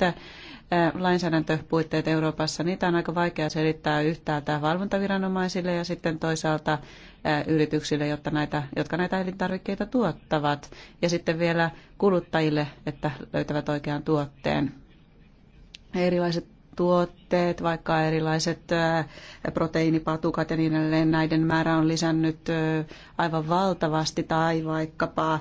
lainsäädäntöpuitteet Euroopassa, niitä on aika vaikea selittää yhtäältä valvontaviranomaisille ja sitten toisaalta yrityksille, jotta näitä, jotka näitä elintarvikkeita tuottavat, ja sitten vielä kuluttajille, että löytävät oikean tuotteen. Erilaiset tuotteet, vaikka erilaiset proteiinipatukat ja niin edelleen, näiden määrä on lisännyt aivan valtavasti, tai vaikkapa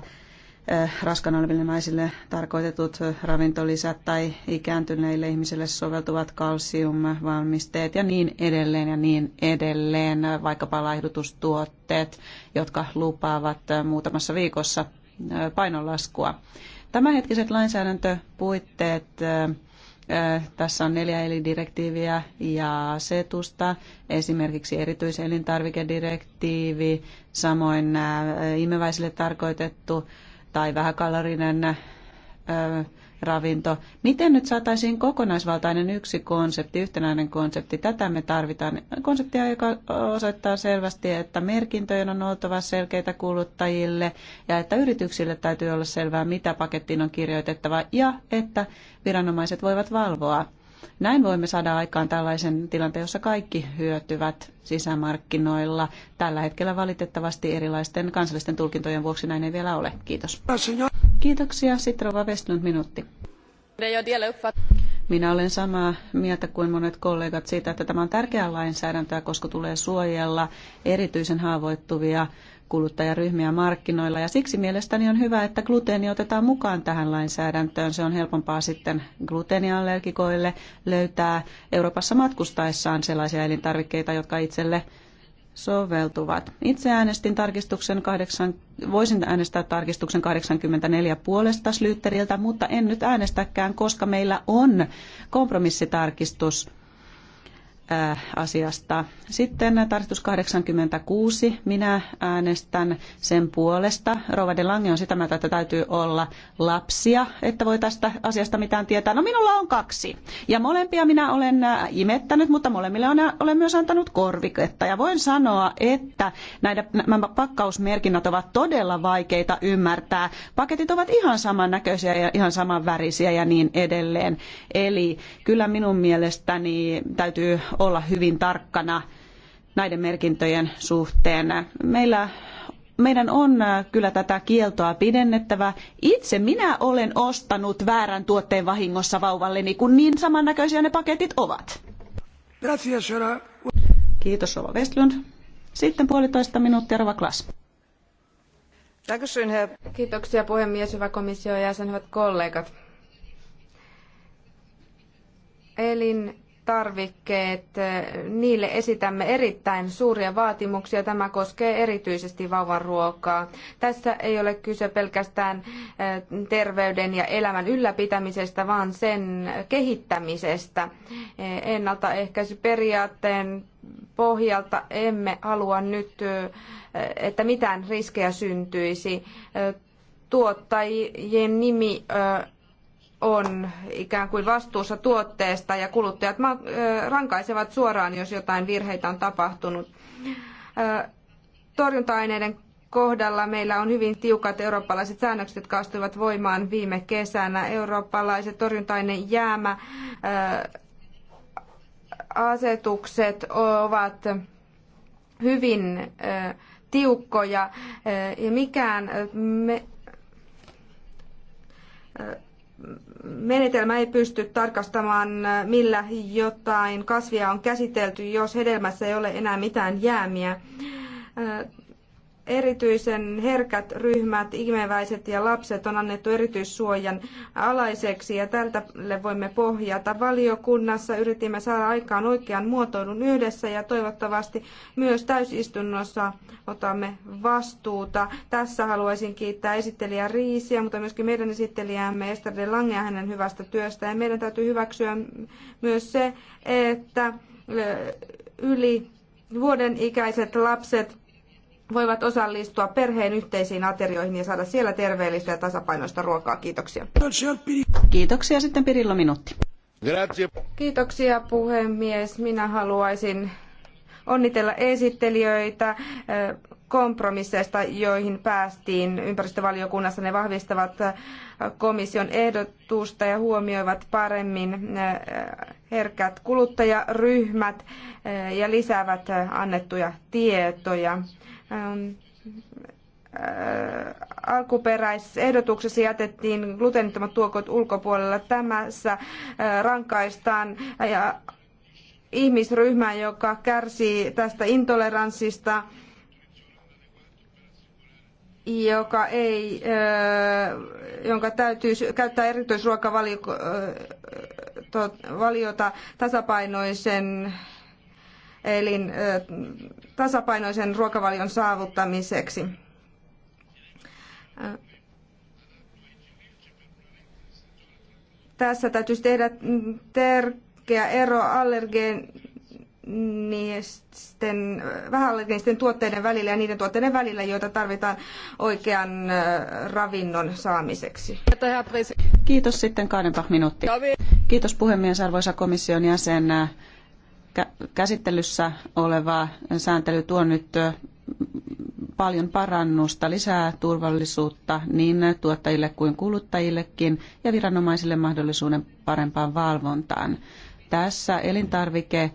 Eh, raskan oleville naisille tarkoitetut ravintolisät tai ikääntyneille ihmisille soveltuvat kalsiumvalmisteet ja niin edelleen ja niin edelleen, vaikkapa laihdutustuotteet, jotka lupaavat eh, muutamassa viikossa eh, painonlaskua. Tämänhetkiset lainsäädäntöpuitteet tässä on neljä elindirektiiviä ja asetusta, esimerkiksi erityiselintarvikedirektiivi, samoin imeväisille tarkoitettu tai vähäkalorinen ravinto. Miten nyt saataisiin kokonaisvaltainen yksi konsepti, yhtenäinen konsepti? Tätä me tarvitaan. Konseptia, joka osoittaa selvästi, että merkintöjen on oltava selkeitä kuluttajille ja että yrityksille täytyy olla selvää, mitä pakettiin on kirjoitettava ja että viranomaiset voivat valvoa näin voimme saada aikaan tällaisen tilanteen, jossa kaikki hyötyvät sisämarkkinoilla. Tällä hetkellä valitettavasti erilaisten kansallisten tulkintojen vuoksi näin ei vielä ole. Kiitos. Kiitoksia. Sitten Rova Westlund minuutti. Minä olen samaa mieltä kuin monet kollegat siitä, että tämä on tärkeää lainsäädäntöä, koska tulee suojella erityisen haavoittuvia kuluttajaryhmiä markkinoilla. Ja siksi mielestäni on hyvä, että gluteeni otetaan mukaan tähän lainsäädäntöön. Se on helpompaa sitten gluteeniallergikoille löytää Euroopassa matkustaessaan sellaisia elintarvikkeita, jotka itselle soveltuvat. Itse äänestin tarkistuksen 8, voisin äänestää tarkistuksen 84 puolesta Slytteriltä, mutta en nyt äänestäkään, koska meillä on kompromissitarkistus Äh, asiasta. Sitten tarkistus 86. Minä äänestän sen puolesta. Rova de Lange on sitä mieltä, että täytyy olla lapsia, että voi tästä asiasta mitään tietää. No minulla on kaksi. Ja molempia minä olen äh, imettänyt, mutta molemmille äh, olen myös antanut korviketta. Ja voin sanoa, että näitä, nämä pakkausmerkinnät ovat todella vaikeita ymmärtää. Paketit ovat ihan samannäköisiä ja ihan värisiä ja niin edelleen. Eli kyllä minun mielestäni täytyy olla hyvin tarkkana näiden merkintöjen suhteen. Meillä meidän on äh, kyllä tätä kieltoa pidennettävä. Itse minä olen ostanut väärän tuotteen vahingossa vauvalleni, kun niin samannäköisiä ne paketit ovat. Kiitos Rova Westlund. Sitten puolitoista minuuttia Rova Klas. Kiitoksia puhemies, hyvä komissio ja sen hyvät kollegat. Elin tarvikkeet, niille esitämme erittäin suuria vaatimuksia. Tämä koskee erityisesti vauvaruokaa. Tässä ei ole kyse pelkästään eh, terveyden ja elämän ylläpitämisestä, vaan sen kehittämisestä. Eh, ennaltaehkäisyperiaatteen pohjalta emme halua nyt, eh, että mitään riskejä syntyisi. Tuottajien nimi on ikään kuin vastuussa tuotteesta ja kuluttajat rankaisevat suoraan, jos jotain virheitä on tapahtunut. Torjunta-aineiden kohdalla meillä on hyvin tiukat eurooppalaiset säännökset, jotka astuivat voimaan viime kesänä. Eurooppalaiset torjuntainen jäämä asetukset ovat hyvin tiukkoja ja mikään me, menetelmä ei pysty tarkastamaan, millä jotain kasvia on käsitelty, jos hedelmässä ei ole enää mitään jäämiä. Erityisen herkät ryhmät, imeväiset ja lapset on annettu erityissuojan alaiseksi ja tältälle voimme pohjata. Valiokunnassa yritimme saada aikaan oikean muotoilun yhdessä ja toivottavasti myös täysistunnossa otamme vastuuta. Tässä haluaisin kiittää esittelijä Riisiä, mutta myöskin meidän esittelijäämme Ester de Langea hänen hyvästä työstään. Meidän täytyy hyväksyä myös se, että yli vuoden ikäiset lapset voivat osallistua perheen yhteisiin aterioihin ja saada siellä terveellistä ja tasapainoista ruokaa. Kiitoksia. Kiitoksia. Sitten Pirilla minuutti. Grazie. Kiitoksia puhemies. Minä haluaisin onnitella esittelijöitä äh, kompromisseista, joihin päästiin ympäristövaliokunnassa. Ne vahvistavat äh, komission ehdotusta ja huomioivat paremmin äh, herkät kuluttajaryhmät äh, ja lisäävät äh, annettuja tietoja ähm, alkuperäisehdotuksessa jätettiin gluteenittomat tuokot ulkopuolella. Tämässä rankaistaan ihmisryhmää, joka kärsii tästä intoleranssista joka ei, jonka täytyy käyttää erityisruokavaliota tasapainoisen elin tasapainoisen ruokavalion saavuttamiseksi. Tässä täytyisi tehdä tärkeä ero allergeen miesten, vähäallergisten tuotteiden välillä ja niiden tuotteiden välillä, joita tarvitaan oikean ravinnon saamiseksi. Kiitos sitten Kaadenpa minuutti. Kiitos puhemies, arvoisa komission jäsen. Käsittelyssä oleva sääntely tuo nyt paljon parannusta, lisää turvallisuutta niin tuottajille kuin kuluttajillekin ja viranomaisille mahdollisuuden parempaan valvontaan. Tässä elintarvike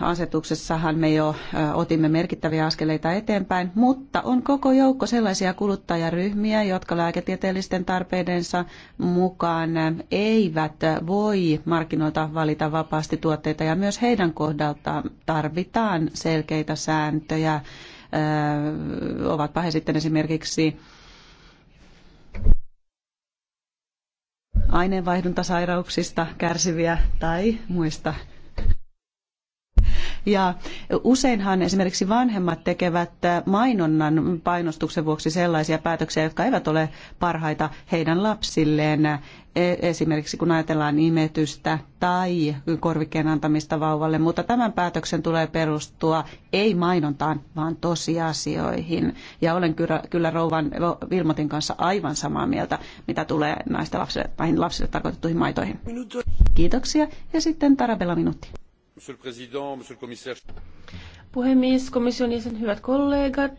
asetuksessahan me jo otimme merkittäviä askeleita eteenpäin, mutta on koko joukko sellaisia kuluttajaryhmiä, jotka lääketieteellisten tarpeidensa mukaan eivät voi markkinoilta valita vapaasti tuotteita ja myös heidän kohdaltaan tarvitaan selkeitä sääntöjä, ovatpa he sitten esimerkiksi aineenvaihduntasairauksista kärsiviä tai muista ja useinhan esimerkiksi vanhemmat tekevät äh, mainonnan painostuksen vuoksi sellaisia päätöksiä, jotka eivät ole parhaita heidän lapsilleen. Äh, e, esimerkiksi kun ajatellaan imetystä tai korvikkeen antamista vauvalle, mutta tämän päätöksen tulee perustua ei mainontaan, vaan tosiasioihin. Ja olen kyllä, kyllä rouvan Vilmotin kanssa aivan samaa mieltä, mitä tulee näistä lapsille, näihin lapsille tarkoitettuihin maitoihin. Kiitoksia. Ja sitten Tarabella minuutti. Puhemies, komission jäsen, hyvät kollegat.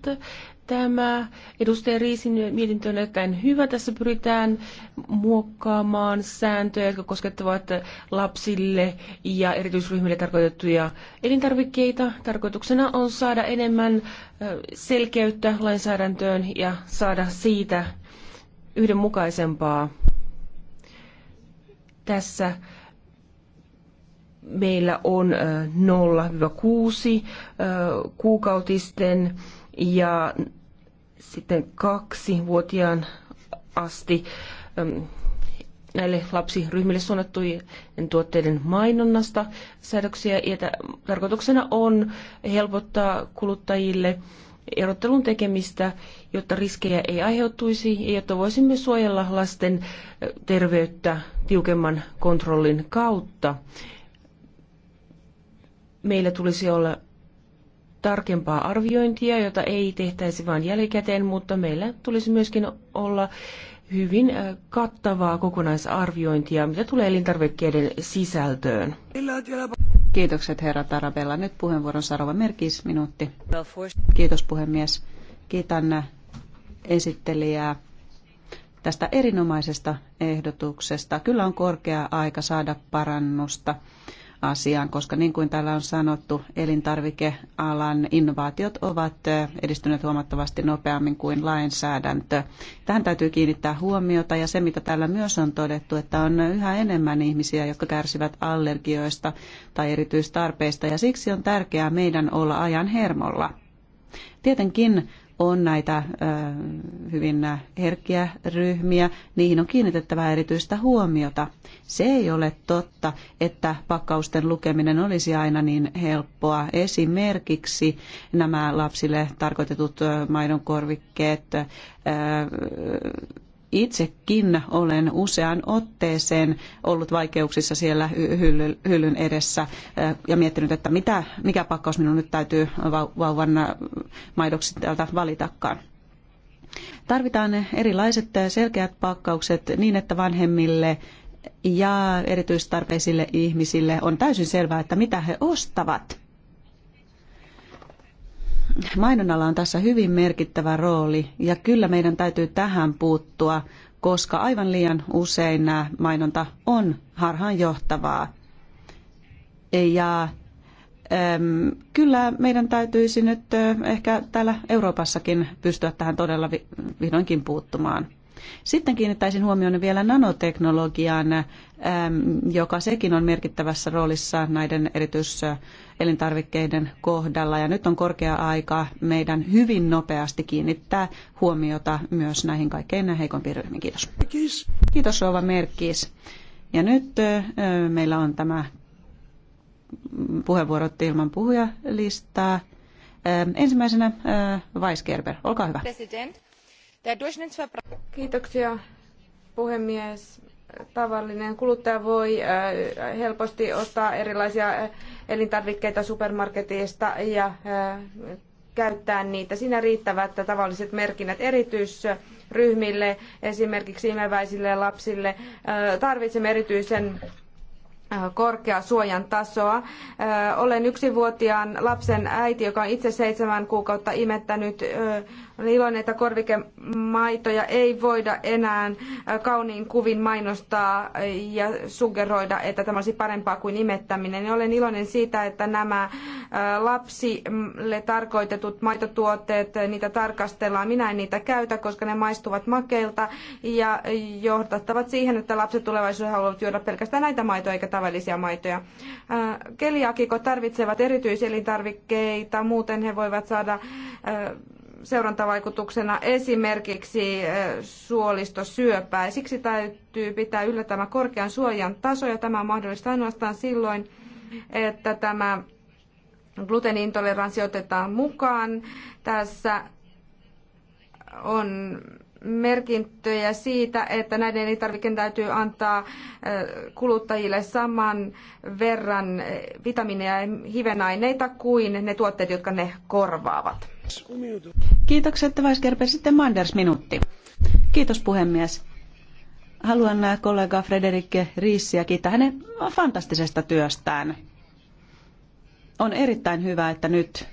Tämä edustaja Riisin mietintö on erittäin hyvä. Tässä pyritään muokkaamaan sääntöjä, jotka koskettavat lapsille ja erityisryhmille tarkoitettuja elintarvikkeita. Tarkoituksena on saada enemmän selkeyttä lainsäädäntöön ja saada siitä yhdenmukaisempaa tässä meillä on 0-6 kuukautisten ja sitten kaksi vuotiaan asti näille lapsiryhmille suunnattujen tuotteiden mainonnasta säädöksiä. Ja tarkoituksena on helpottaa kuluttajille erottelun tekemistä, jotta riskejä ei aiheutuisi ja jotta voisimme suojella lasten terveyttä tiukemman kontrollin kautta meillä tulisi olla tarkempaa arviointia, jota ei tehtäisi vain jälkikäteen, mutta meillä tulisi myöskin olla hyvin äh, kattavaa kokonaisarviointia, mitä tulee elintarvikkeiden sisältöön. Kiitokset herra Tarabella. Nyt puheenvuoron Sarova Merkis, minuutti. Kiitos puhemies. Kiitän äh, esittelijää tästä erinomaisesta ehdotuksesta. Kyllä on korkea aika saada parannusta asiaan, koska niin kuin täällä on sanottu, elintarvikealan innovaatiot ovat edistyneet huomattavasti nopeammin kuin lainsäädäntö. Tähän täytyy kiinnittää huomiota ja se, mitä täällä myös on todettu, että on yhä enemmän ihmisiä, jotka kärsivät allergioista tai erityistarpeista ja siksi on tärkeää meidän olla ajan hermolla. Tietenkin on näitä hyvin herkkiä ryhmiä, niihin on kiinnitettävä erityistä huomiota. Se ei ole totta, että pakkausten lukeminen olisi aina niin helppoa. Esimerkiksi nämä lapsille tarkoitetut maidonkorvikkeet, itsekin olen useaan otteeseen ollut vaikeuksissa siellä hyllyn edessä eh, ja miettinyt, että mitä, mikä pakkaus minun nyt täytyy vauvan eh, maidoksi täältä valitakaan. Tarvitaan erilaiset eh, selkeät pakkaukset niin, että vanhemmille ja erityistarpeisille ihmisille on täysin selvää, että mitä he ostavat mainonnalla on tässä hyvin merkittävä rooli ja kyllä meidän täytyy tähän puuttua, koska aivan liian usein nämä mainonta on harhaanjohtavaa. Ja äm, kyllä meidän täytyisi nyt ehkä täällä Euroopassakin pystyä tähän todella vihdoinkin puuttumaan. Sitten kiinnittäisin huomioon vielä nanoteknologiaan, joka sekin on merkittävässä roolissa näiden erityiselintarvikkeiden kohdalla. Ja nyt on korkea aika meidän hyvin nopeasti kiinnittää huomiota myös näihin kaikkein heikompiin ryhmiin. Kiitos. Kiitos Rova Merkis. Ja nyt meillä on tämä puheenvuorot ilman puhujalistaa. Ensimmäisenä Weisgerber, olkaa hyvä. President. Kiitoksia puhemies. Tavallinen kuluttaja voi äh, helposti ostaa erilaisia äh, elintarvikkeita supermarketista ja äh, käyttää niitä. Siinä riittävät tavalliset merkinnät erityisryhmille, esimerkiksi imeväisille lapsille. Tarvitsemme erityisen korkea suojan tasoa. Olen yksivuotiaan lapsen äiti, joka on itse seitsemän kuukautta imettänyt olen iloinen, että korvikemaitoja ei voida enää kauniin kuvin mainostaa ja suggeroida, että tämä olisi parempaa kuin imettäminen. Ja olen iloinen siitä, että nämä lapsille tarkoitetut maitotuotteet, niitä tarkastellaan. Minä en niitä käytä, koska ne maistuvat makeilta ja johdattavat siihen, että lapset tulevaisuudessa haluavat juoda pelkästään näitä maitoja eikä tavallisia maitoja. Keliakikot tarvitsevat erityiselintarvikkeita, muuten he voivat saada seurantavaikutuksena esimerkiksi eh, suolistosyöpää. Siksi täytyy pitää yllä tämä korkean suojan taso ja tämä on mahdollista ainoastaan silloin, että tämä gluteenintoleranssi otetaan mukaan. Tässä on merkintöjä siitä, että näiden elintarvikkeiden täytyy antaa eh, kuluttajille saman verran eh, vitamiineja ja hivenaineita kuin ne tuotteet, jotka ne korvaavat. Kiitokset, Weisgerber. Sitten Manders minuutti. Kiitos puhemies. Haluan äh, kollega Frederik Riissiä kiittää hänen fantastisesta työstään. On erittäin hyvä, että nyt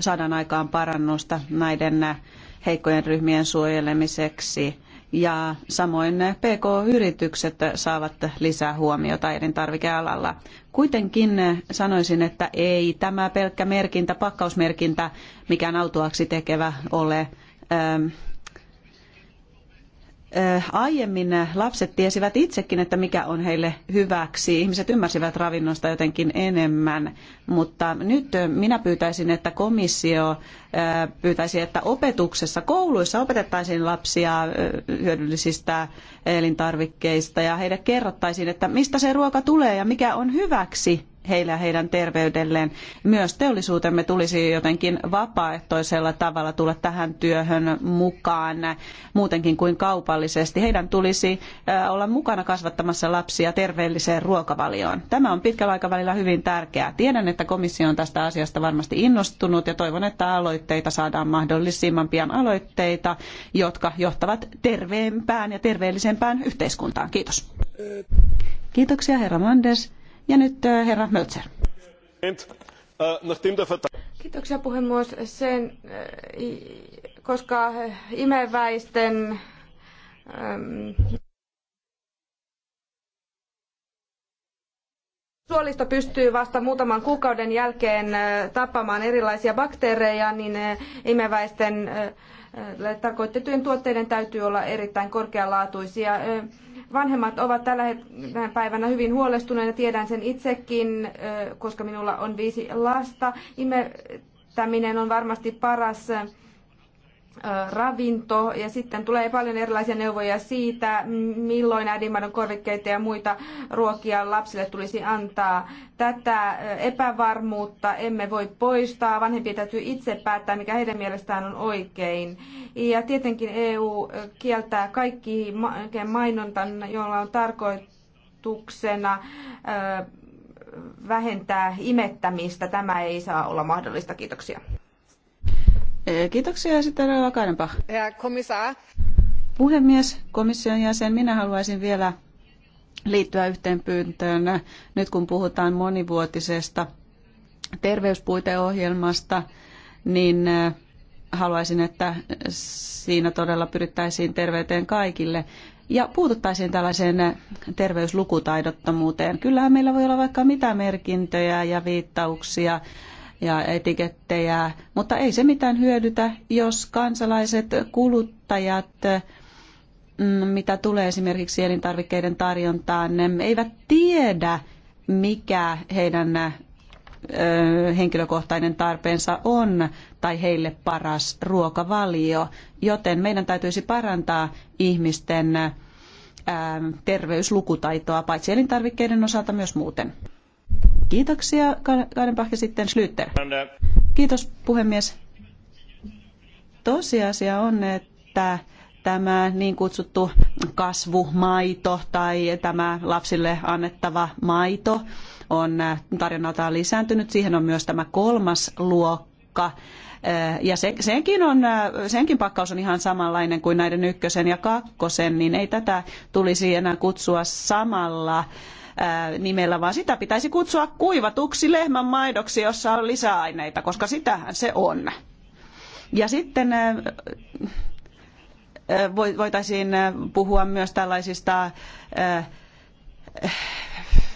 saadaan aikaan parannusta näiden äh, heikkojen ryhmien suojelemiseksi ja samoin PK-yritykset saavat lisää huomiota elintarvikealalla. Kuitenkin sanoisin, että ei tämä pelkkä merkintä, pakkausmerkintä, mikään autoaksi tekevä ole ähm, aiemmin lapset tiesivät itsekin, että mikä on heille hyväksi. Ihmiset ymmärsivät ravinnosta jotenkin enemmän, mutta nyt minä pyytäisin, että komissio pyytäisi, että opetuksessa, kouluissa opetettaisiin lapsia hyödyllisistä elintarvikkeista ja heille kerrottaisiin, että mistä se ruoka tulee ja mikä on hyväksi heille ja heidän terveydelleen. Myös teollisuutemme tulisi jotenkin vapaaehtoisella tavalla tulla tähän työhön mukaan muutenkin kuin kaupallisesti. Heidän tulisi olla mukana kasvattamassa lapsia terveelliseen ruokavalioon. Tämä on pitkällä aikavälillä hyvin tärkeää. Tiedän, että komissio on tästä asiasta varmasti innostunut ja toivon, että aloitteita saadaan mahdollisimman pian aloitteita, jotka johtavat terveempään ja terveellisempään yhteiskuntaan. Kiitos. Kiitoksia herra Manders. Ja nyt äh, herra Mölzer. Kiitoksia puhemies. Sen, äh, koska äh, imeväisten ähm, suolisto pystyy vasta muutaman kuukauden jälkeen tappamaan erilaisia bakteereja, niin imeväisten tarkoitettujen tuotteiden täytyy olla erittäin korkealaatuisia. Vanhemmat ovat tällä päivänä hyvin huolestuneita, tiedän sen itsekin, koska minulla on viisi lasta. Imettäminen on varmasti paras ravinto ja sitten tulee paljon erilaisia neuvoja siitä, milloin äidinmaidon korvikkeita ja muita ruokia lapsille tulisi antaa. Tätä epävarmuutta emme voi poistaa, vanhempien täytyy itse päättää, mikä heidän mielestään on oikein. Ja tietenkin EU kieltää kaikki mainontan, jolla on tarkoituksena vähentää imettämistä. Tämä ei saa olla mahdollista. Kiitoksia. Eh, kiitoksia sitten Rauha Kaidenbach. Puhemies, komission jäsen, minä haluaisin vielä liittyä yhteen pyyntöön nyt kun puhutaan monivuotisesta terveyspuiteohjelmasta, niin eh, haluaisin, että siinä todella pyrittäisiin terveyteen kaikille ja puututtaisiin tällaiseen eh, terveyslukutaidottomuuteen. Kyllähän meillä voi olla vaikka mitä merkintöjä ja viittauksia ja etikettejä, mutta ei se mitään hyödytä, jos kansalaiset, kuluttajat, mm, mitä tulee esimerkiksi elintarvikkeiden tarjontaan, ne eivät tiedä, mikä heidän henkilökohtainen tarpeensa on tai heille paras ruokavalio, joten meidän täytyisi parantaa ihmisten terveyslukutaitoa paitsi elintarvikkeiden osalta myös muuten. Kiitoksia, Kaidenbach ja sitten Slyter. Kiitos puhemies. Tosiasia on, että tämä niin kutsuttu kasvumaito tai tämä lapsille annettava maito on tarjonnaltaan lisääntynyt. Siihen on myös tämä kolmas luokka. Äh, ja senkin, on, äh, senkin pakkaus on ihan samanlainen kuin näiden ykkösen ja kakkosen, niin ei tätä tulisi enää kutsua samalla nimellä, vaan sitä pitäisi kutsua kuivatuksi lehmän maidoksi, jossa on lisäaineita, koska sitähän se on. Ja sitten voitaisiin puhua myös tällaisista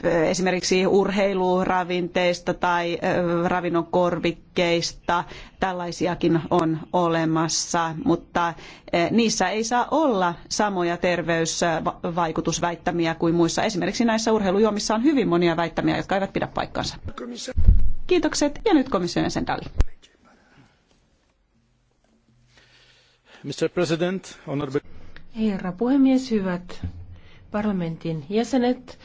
esimerkiksi urheiluravinteista tai ravinnon korvikkeista. Tällaisiakin on olemassa, mutta niissä ei saa olla samoja terveysvaikutusväittämiä kuin muissa. Esimerkiksi näissä urheilujuomissa on hyvin monia väittämiä, jotka eivät pidä paikkansa. Kiitokset ja nyt komission jäsen Mr. President, honorable... Herra puhemies, hyvät parlamentin jäsenet.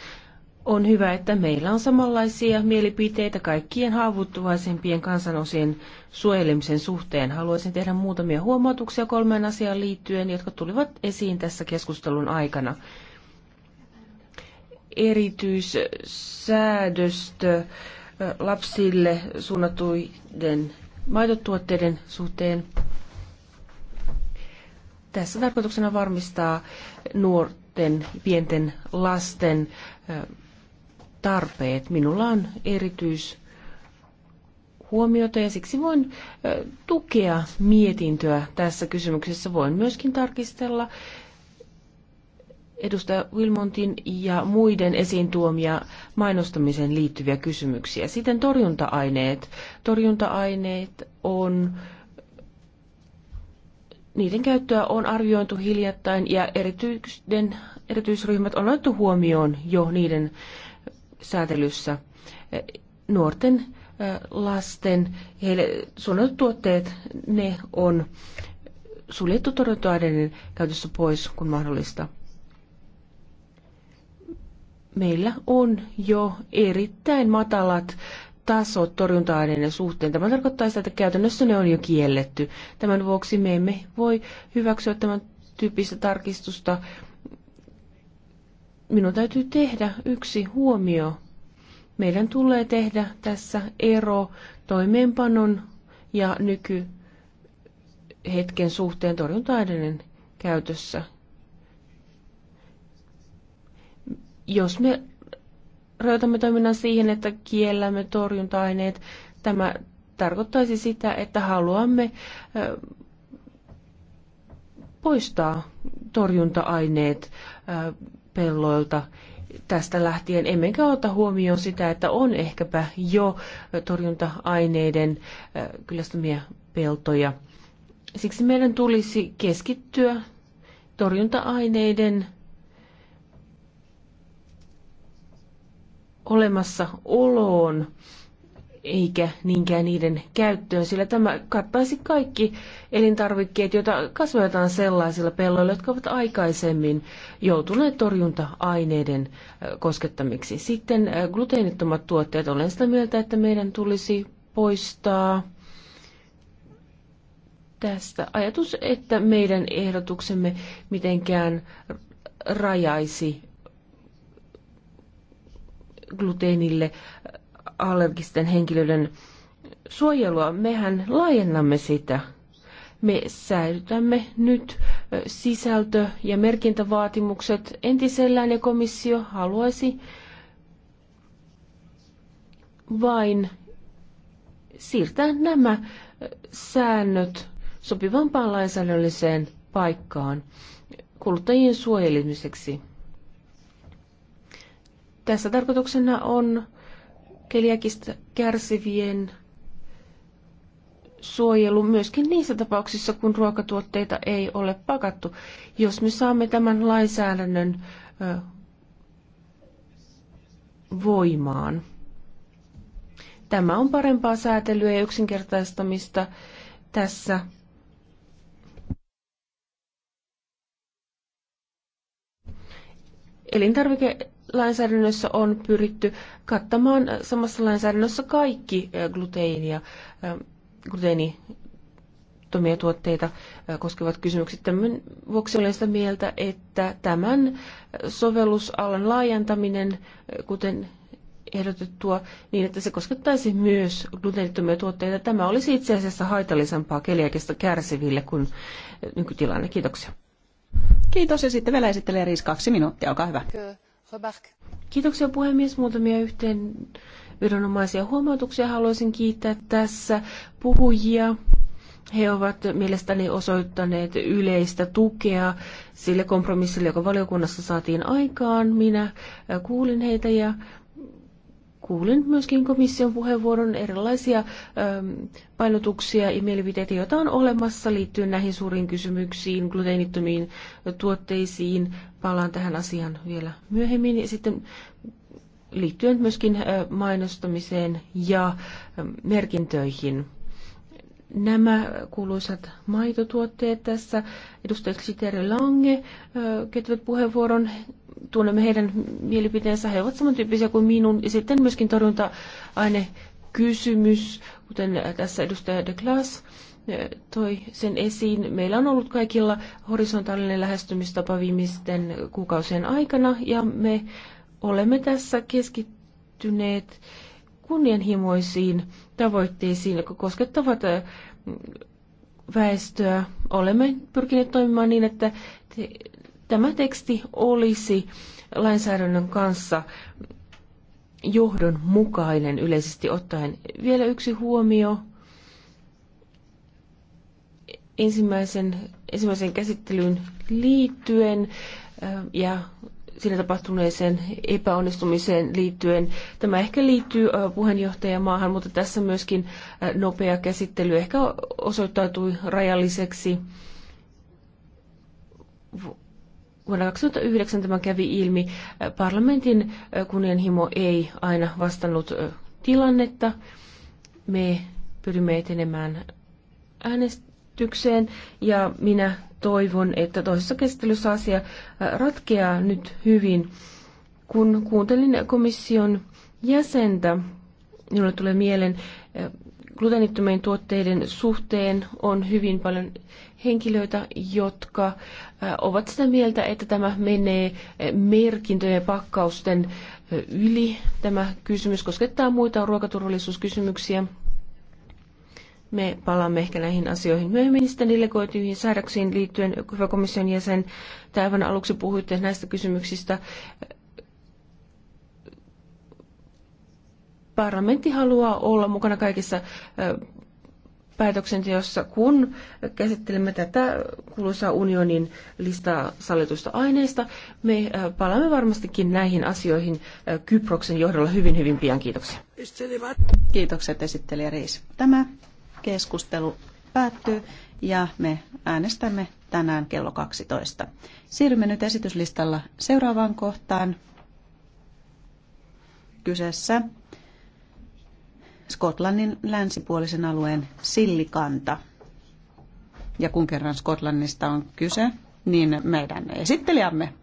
On hyvä, että meillä on samanlaisia mielipiteitä kaikkien haavoittuvaisempien kansanosien suojelemisen suhteen. Haluaisin tehdä muutamia huomautuksia kolmeen asiaan liittyen, jotka tulivat esiin tässä keskustelun aikana. Erityissäädöstö lapsille suunnattuiden maitotuotteiden suhteen. Tässä tarkoituksena varmistaa nuorten pienten lasten tarpeet. Minulla on erityis huomiota ja siksi voin tukea mietintöä tässä kysymyksessä. Voin myöskin tarkistella edustaja Wilmontin ja muiden esiin tuomia mainostamiseen liittyviä kysymyksiä. Sitten torjunta-aineet. Torjunta-aineet on niiden käyttöä on arvioitu hiljattain ja erityisryhmät on otettu huomioon jo niiden säätelyssä nuorten lasten, heille suunnatut tuotteet, ne on suljettu torjuntoaineiden käytössä pois, kun mahdollista. Meillä on jo erittäin matalat tasot torjunta-aineiden suhteen. Tämä tarkoittaa sitä, että käytännössä ne on jo kielletty. Tämän vuoksi me emme voi hyväksyä tämän tyyppistä tarkistusta minun täytyy tehdä yksi huomio. Meidän tulee tehdä tässä ero toimeenpanon ja nykyhetken suhteen torjunta käytössä. Jos me rajoitamme toiminnan siihen, että kiellämme torjunta-aineet, tämä tarkoittaisi sitä, että haluamme poistaa torjunta-aineet pelloilta tästä lähtien, emmekä ota huomioon sitä, että on ehkäpä jo torjunta-aineiden kyllästymiä peltoja. Siksi meidän tulisi keskittyä torjunta-aineiden olemassaoloon eikä niinkään niiden käyttöön, sillä tämä kattaisi kaikki elintarvikkeet, joita kasvatetaan sellaisilla pelloilla, jotka ovat aikaisemmin joutuneet torjunta-aineiden koskettamiksi. Sitten gluteenittomat tuotteet. Olen sitä mieltä, että meidän tulisi poistaa tästä ajatus, että meidän ehdotuksemme mitenkään rajaisi gluteenille allergisten henkilöiden suojelua, mehän laajennamme sitä. Me säilytämme nyt sisältö- ja merkintävaatimukset entisellään ja komissio haluaisi vain siirtää nämä säännöt sopivampaan lainsäädännölliseen paikkaan kuluttajien suojelemiseksi. Tässä tarkoituksena on keliakista kärsivien suojelu myöskin niissä tapauksissa, kun ruokatuotteita ei ole pakattu. Jos me saamme tämän lainsäädännön voimaan. Tämä on parempaa säätelyä ja yksinkertaistamista tässä. Elintarvike lainsäädännössä on pyritty kattamaan samassa lainsäädännössä kaikki eh, gluteenia, eh, gluteenittomia tuotteita eh, koskevat kysymykset. Tämän vuoksi olen sitä mieltä, että tämän sovellusalan laajentaminen, kuten ehdotettua niin, että se koskettaisi myös gluteenittomia tuotteita. Tämä olisi itse asiassa haitallisempaa keliakista kärsiville kuin nykytilanne. Kiitoksia. Kiitos ja sitten vielä esittelee Riis kaksi minuuttia, olkaa hyvä. Kyllä. Kiitoksia puhemies. Muutamia yhteen viranomaisia huomautuksia haluaisin kiittää tässä puhujia. He ovat mielestäni osoittaneet yleistä tukea sille kompromissille, joka valiokunnassa saatiin aikaan. Minä kuulin heitä ja kuulin myöskin komission puheenvuoron erilaisia ähm, painotuksia ja mielipiteitä, joita on olemassa liittyen näihin suuriin kysymyksiin, gluteenittomiin tuotteisiin. Palaan tähän asiaan vielä myöhemmin. Ja sitten liittyen myöskin äh, mainostamiseen ja ähm, merkintöihin. Nämä kuuluisat maitotuotteet tässä. Edustaja Siteri Lange äh, käyttävät puheenvuoron tunnemme heidän mielipiteensä. He ovat samantyyppisiä kuin minun. Ja sitten myöskin torjunta-aine kysymys, kuten tässä edustaja De Klaas eh, toi sen esiin. Meillä on ollut kaikilla horisontaalinen lähestymistapa viimeisten kuukausien aikana ja me olemme tässä keskittyneet kunnianhimoisiin tavoitteisiin, jotka koskettavat eh, väestöä. Olemme pyrkineet toimimaan niin, että tämä teksti olisi lainsäädännön kanssa johdonmukainen yleisesti ottaen. Vielä yksi huomio ensimmäisen, ensimmäisen käsittelyyn liittyen äh, ja siinä tapahtuneeseen epäonnistumiseen liittyen. Tämä ehkä liittyy äh, puheenjohtajamaahan, mutta tässä myöskin äh, nopea käsittely ehkä osoittautui rajalliseksi Vuonna 2009 tämä kävi ilmi. Parlamentin kunnianhimo ei aina vastannut tilannetta. Me pyrimme etenemään äänestykseen ja minä toivon, että toisessa käsittelyssä asia ratkeaa nyt hyvin. Kun kuuntelin komission jäsentä, minulle tulee mieleen gluteenittomien tuotteiden suhteen on hyvin paljon henkilöitä, jotka äh, ovat sitä mieltä, että tämä menee äh, merkintöjen ja pakkausten äh, yli. Tämä kysymys koskettaa muita ruokaturvallisuuskysymyksiä. Me palaamme ehkä näihin asioihin myöhemmin sitten delegoituihin säädöksiin liittyen, hyvä komission jäsen. Tämä aivan aluksi puhuitte näistä kysymyksistä Parlamentti haluaa olla mukana kaikissa päätöksenteossa, kun käsittelemme tätä kuuluisaa unionin listaa sallitusta aineista. Me palaamme varmastikin näihin asioihin Kyproksen johdolla hyvin, hyvin pian. Kiitoksia. Kiitokset esittelijä Riis. Tämä keskustelu päättyy ja me äänestämme tänään kello 12. Siirrymme nyt esityslistalla seuraavaan kohtaan. Kyseessä Skotlannin länsipuolisen alueen sillikanta. Ja kun kerran Skotlannista on kyse, niin meidän esittelijämme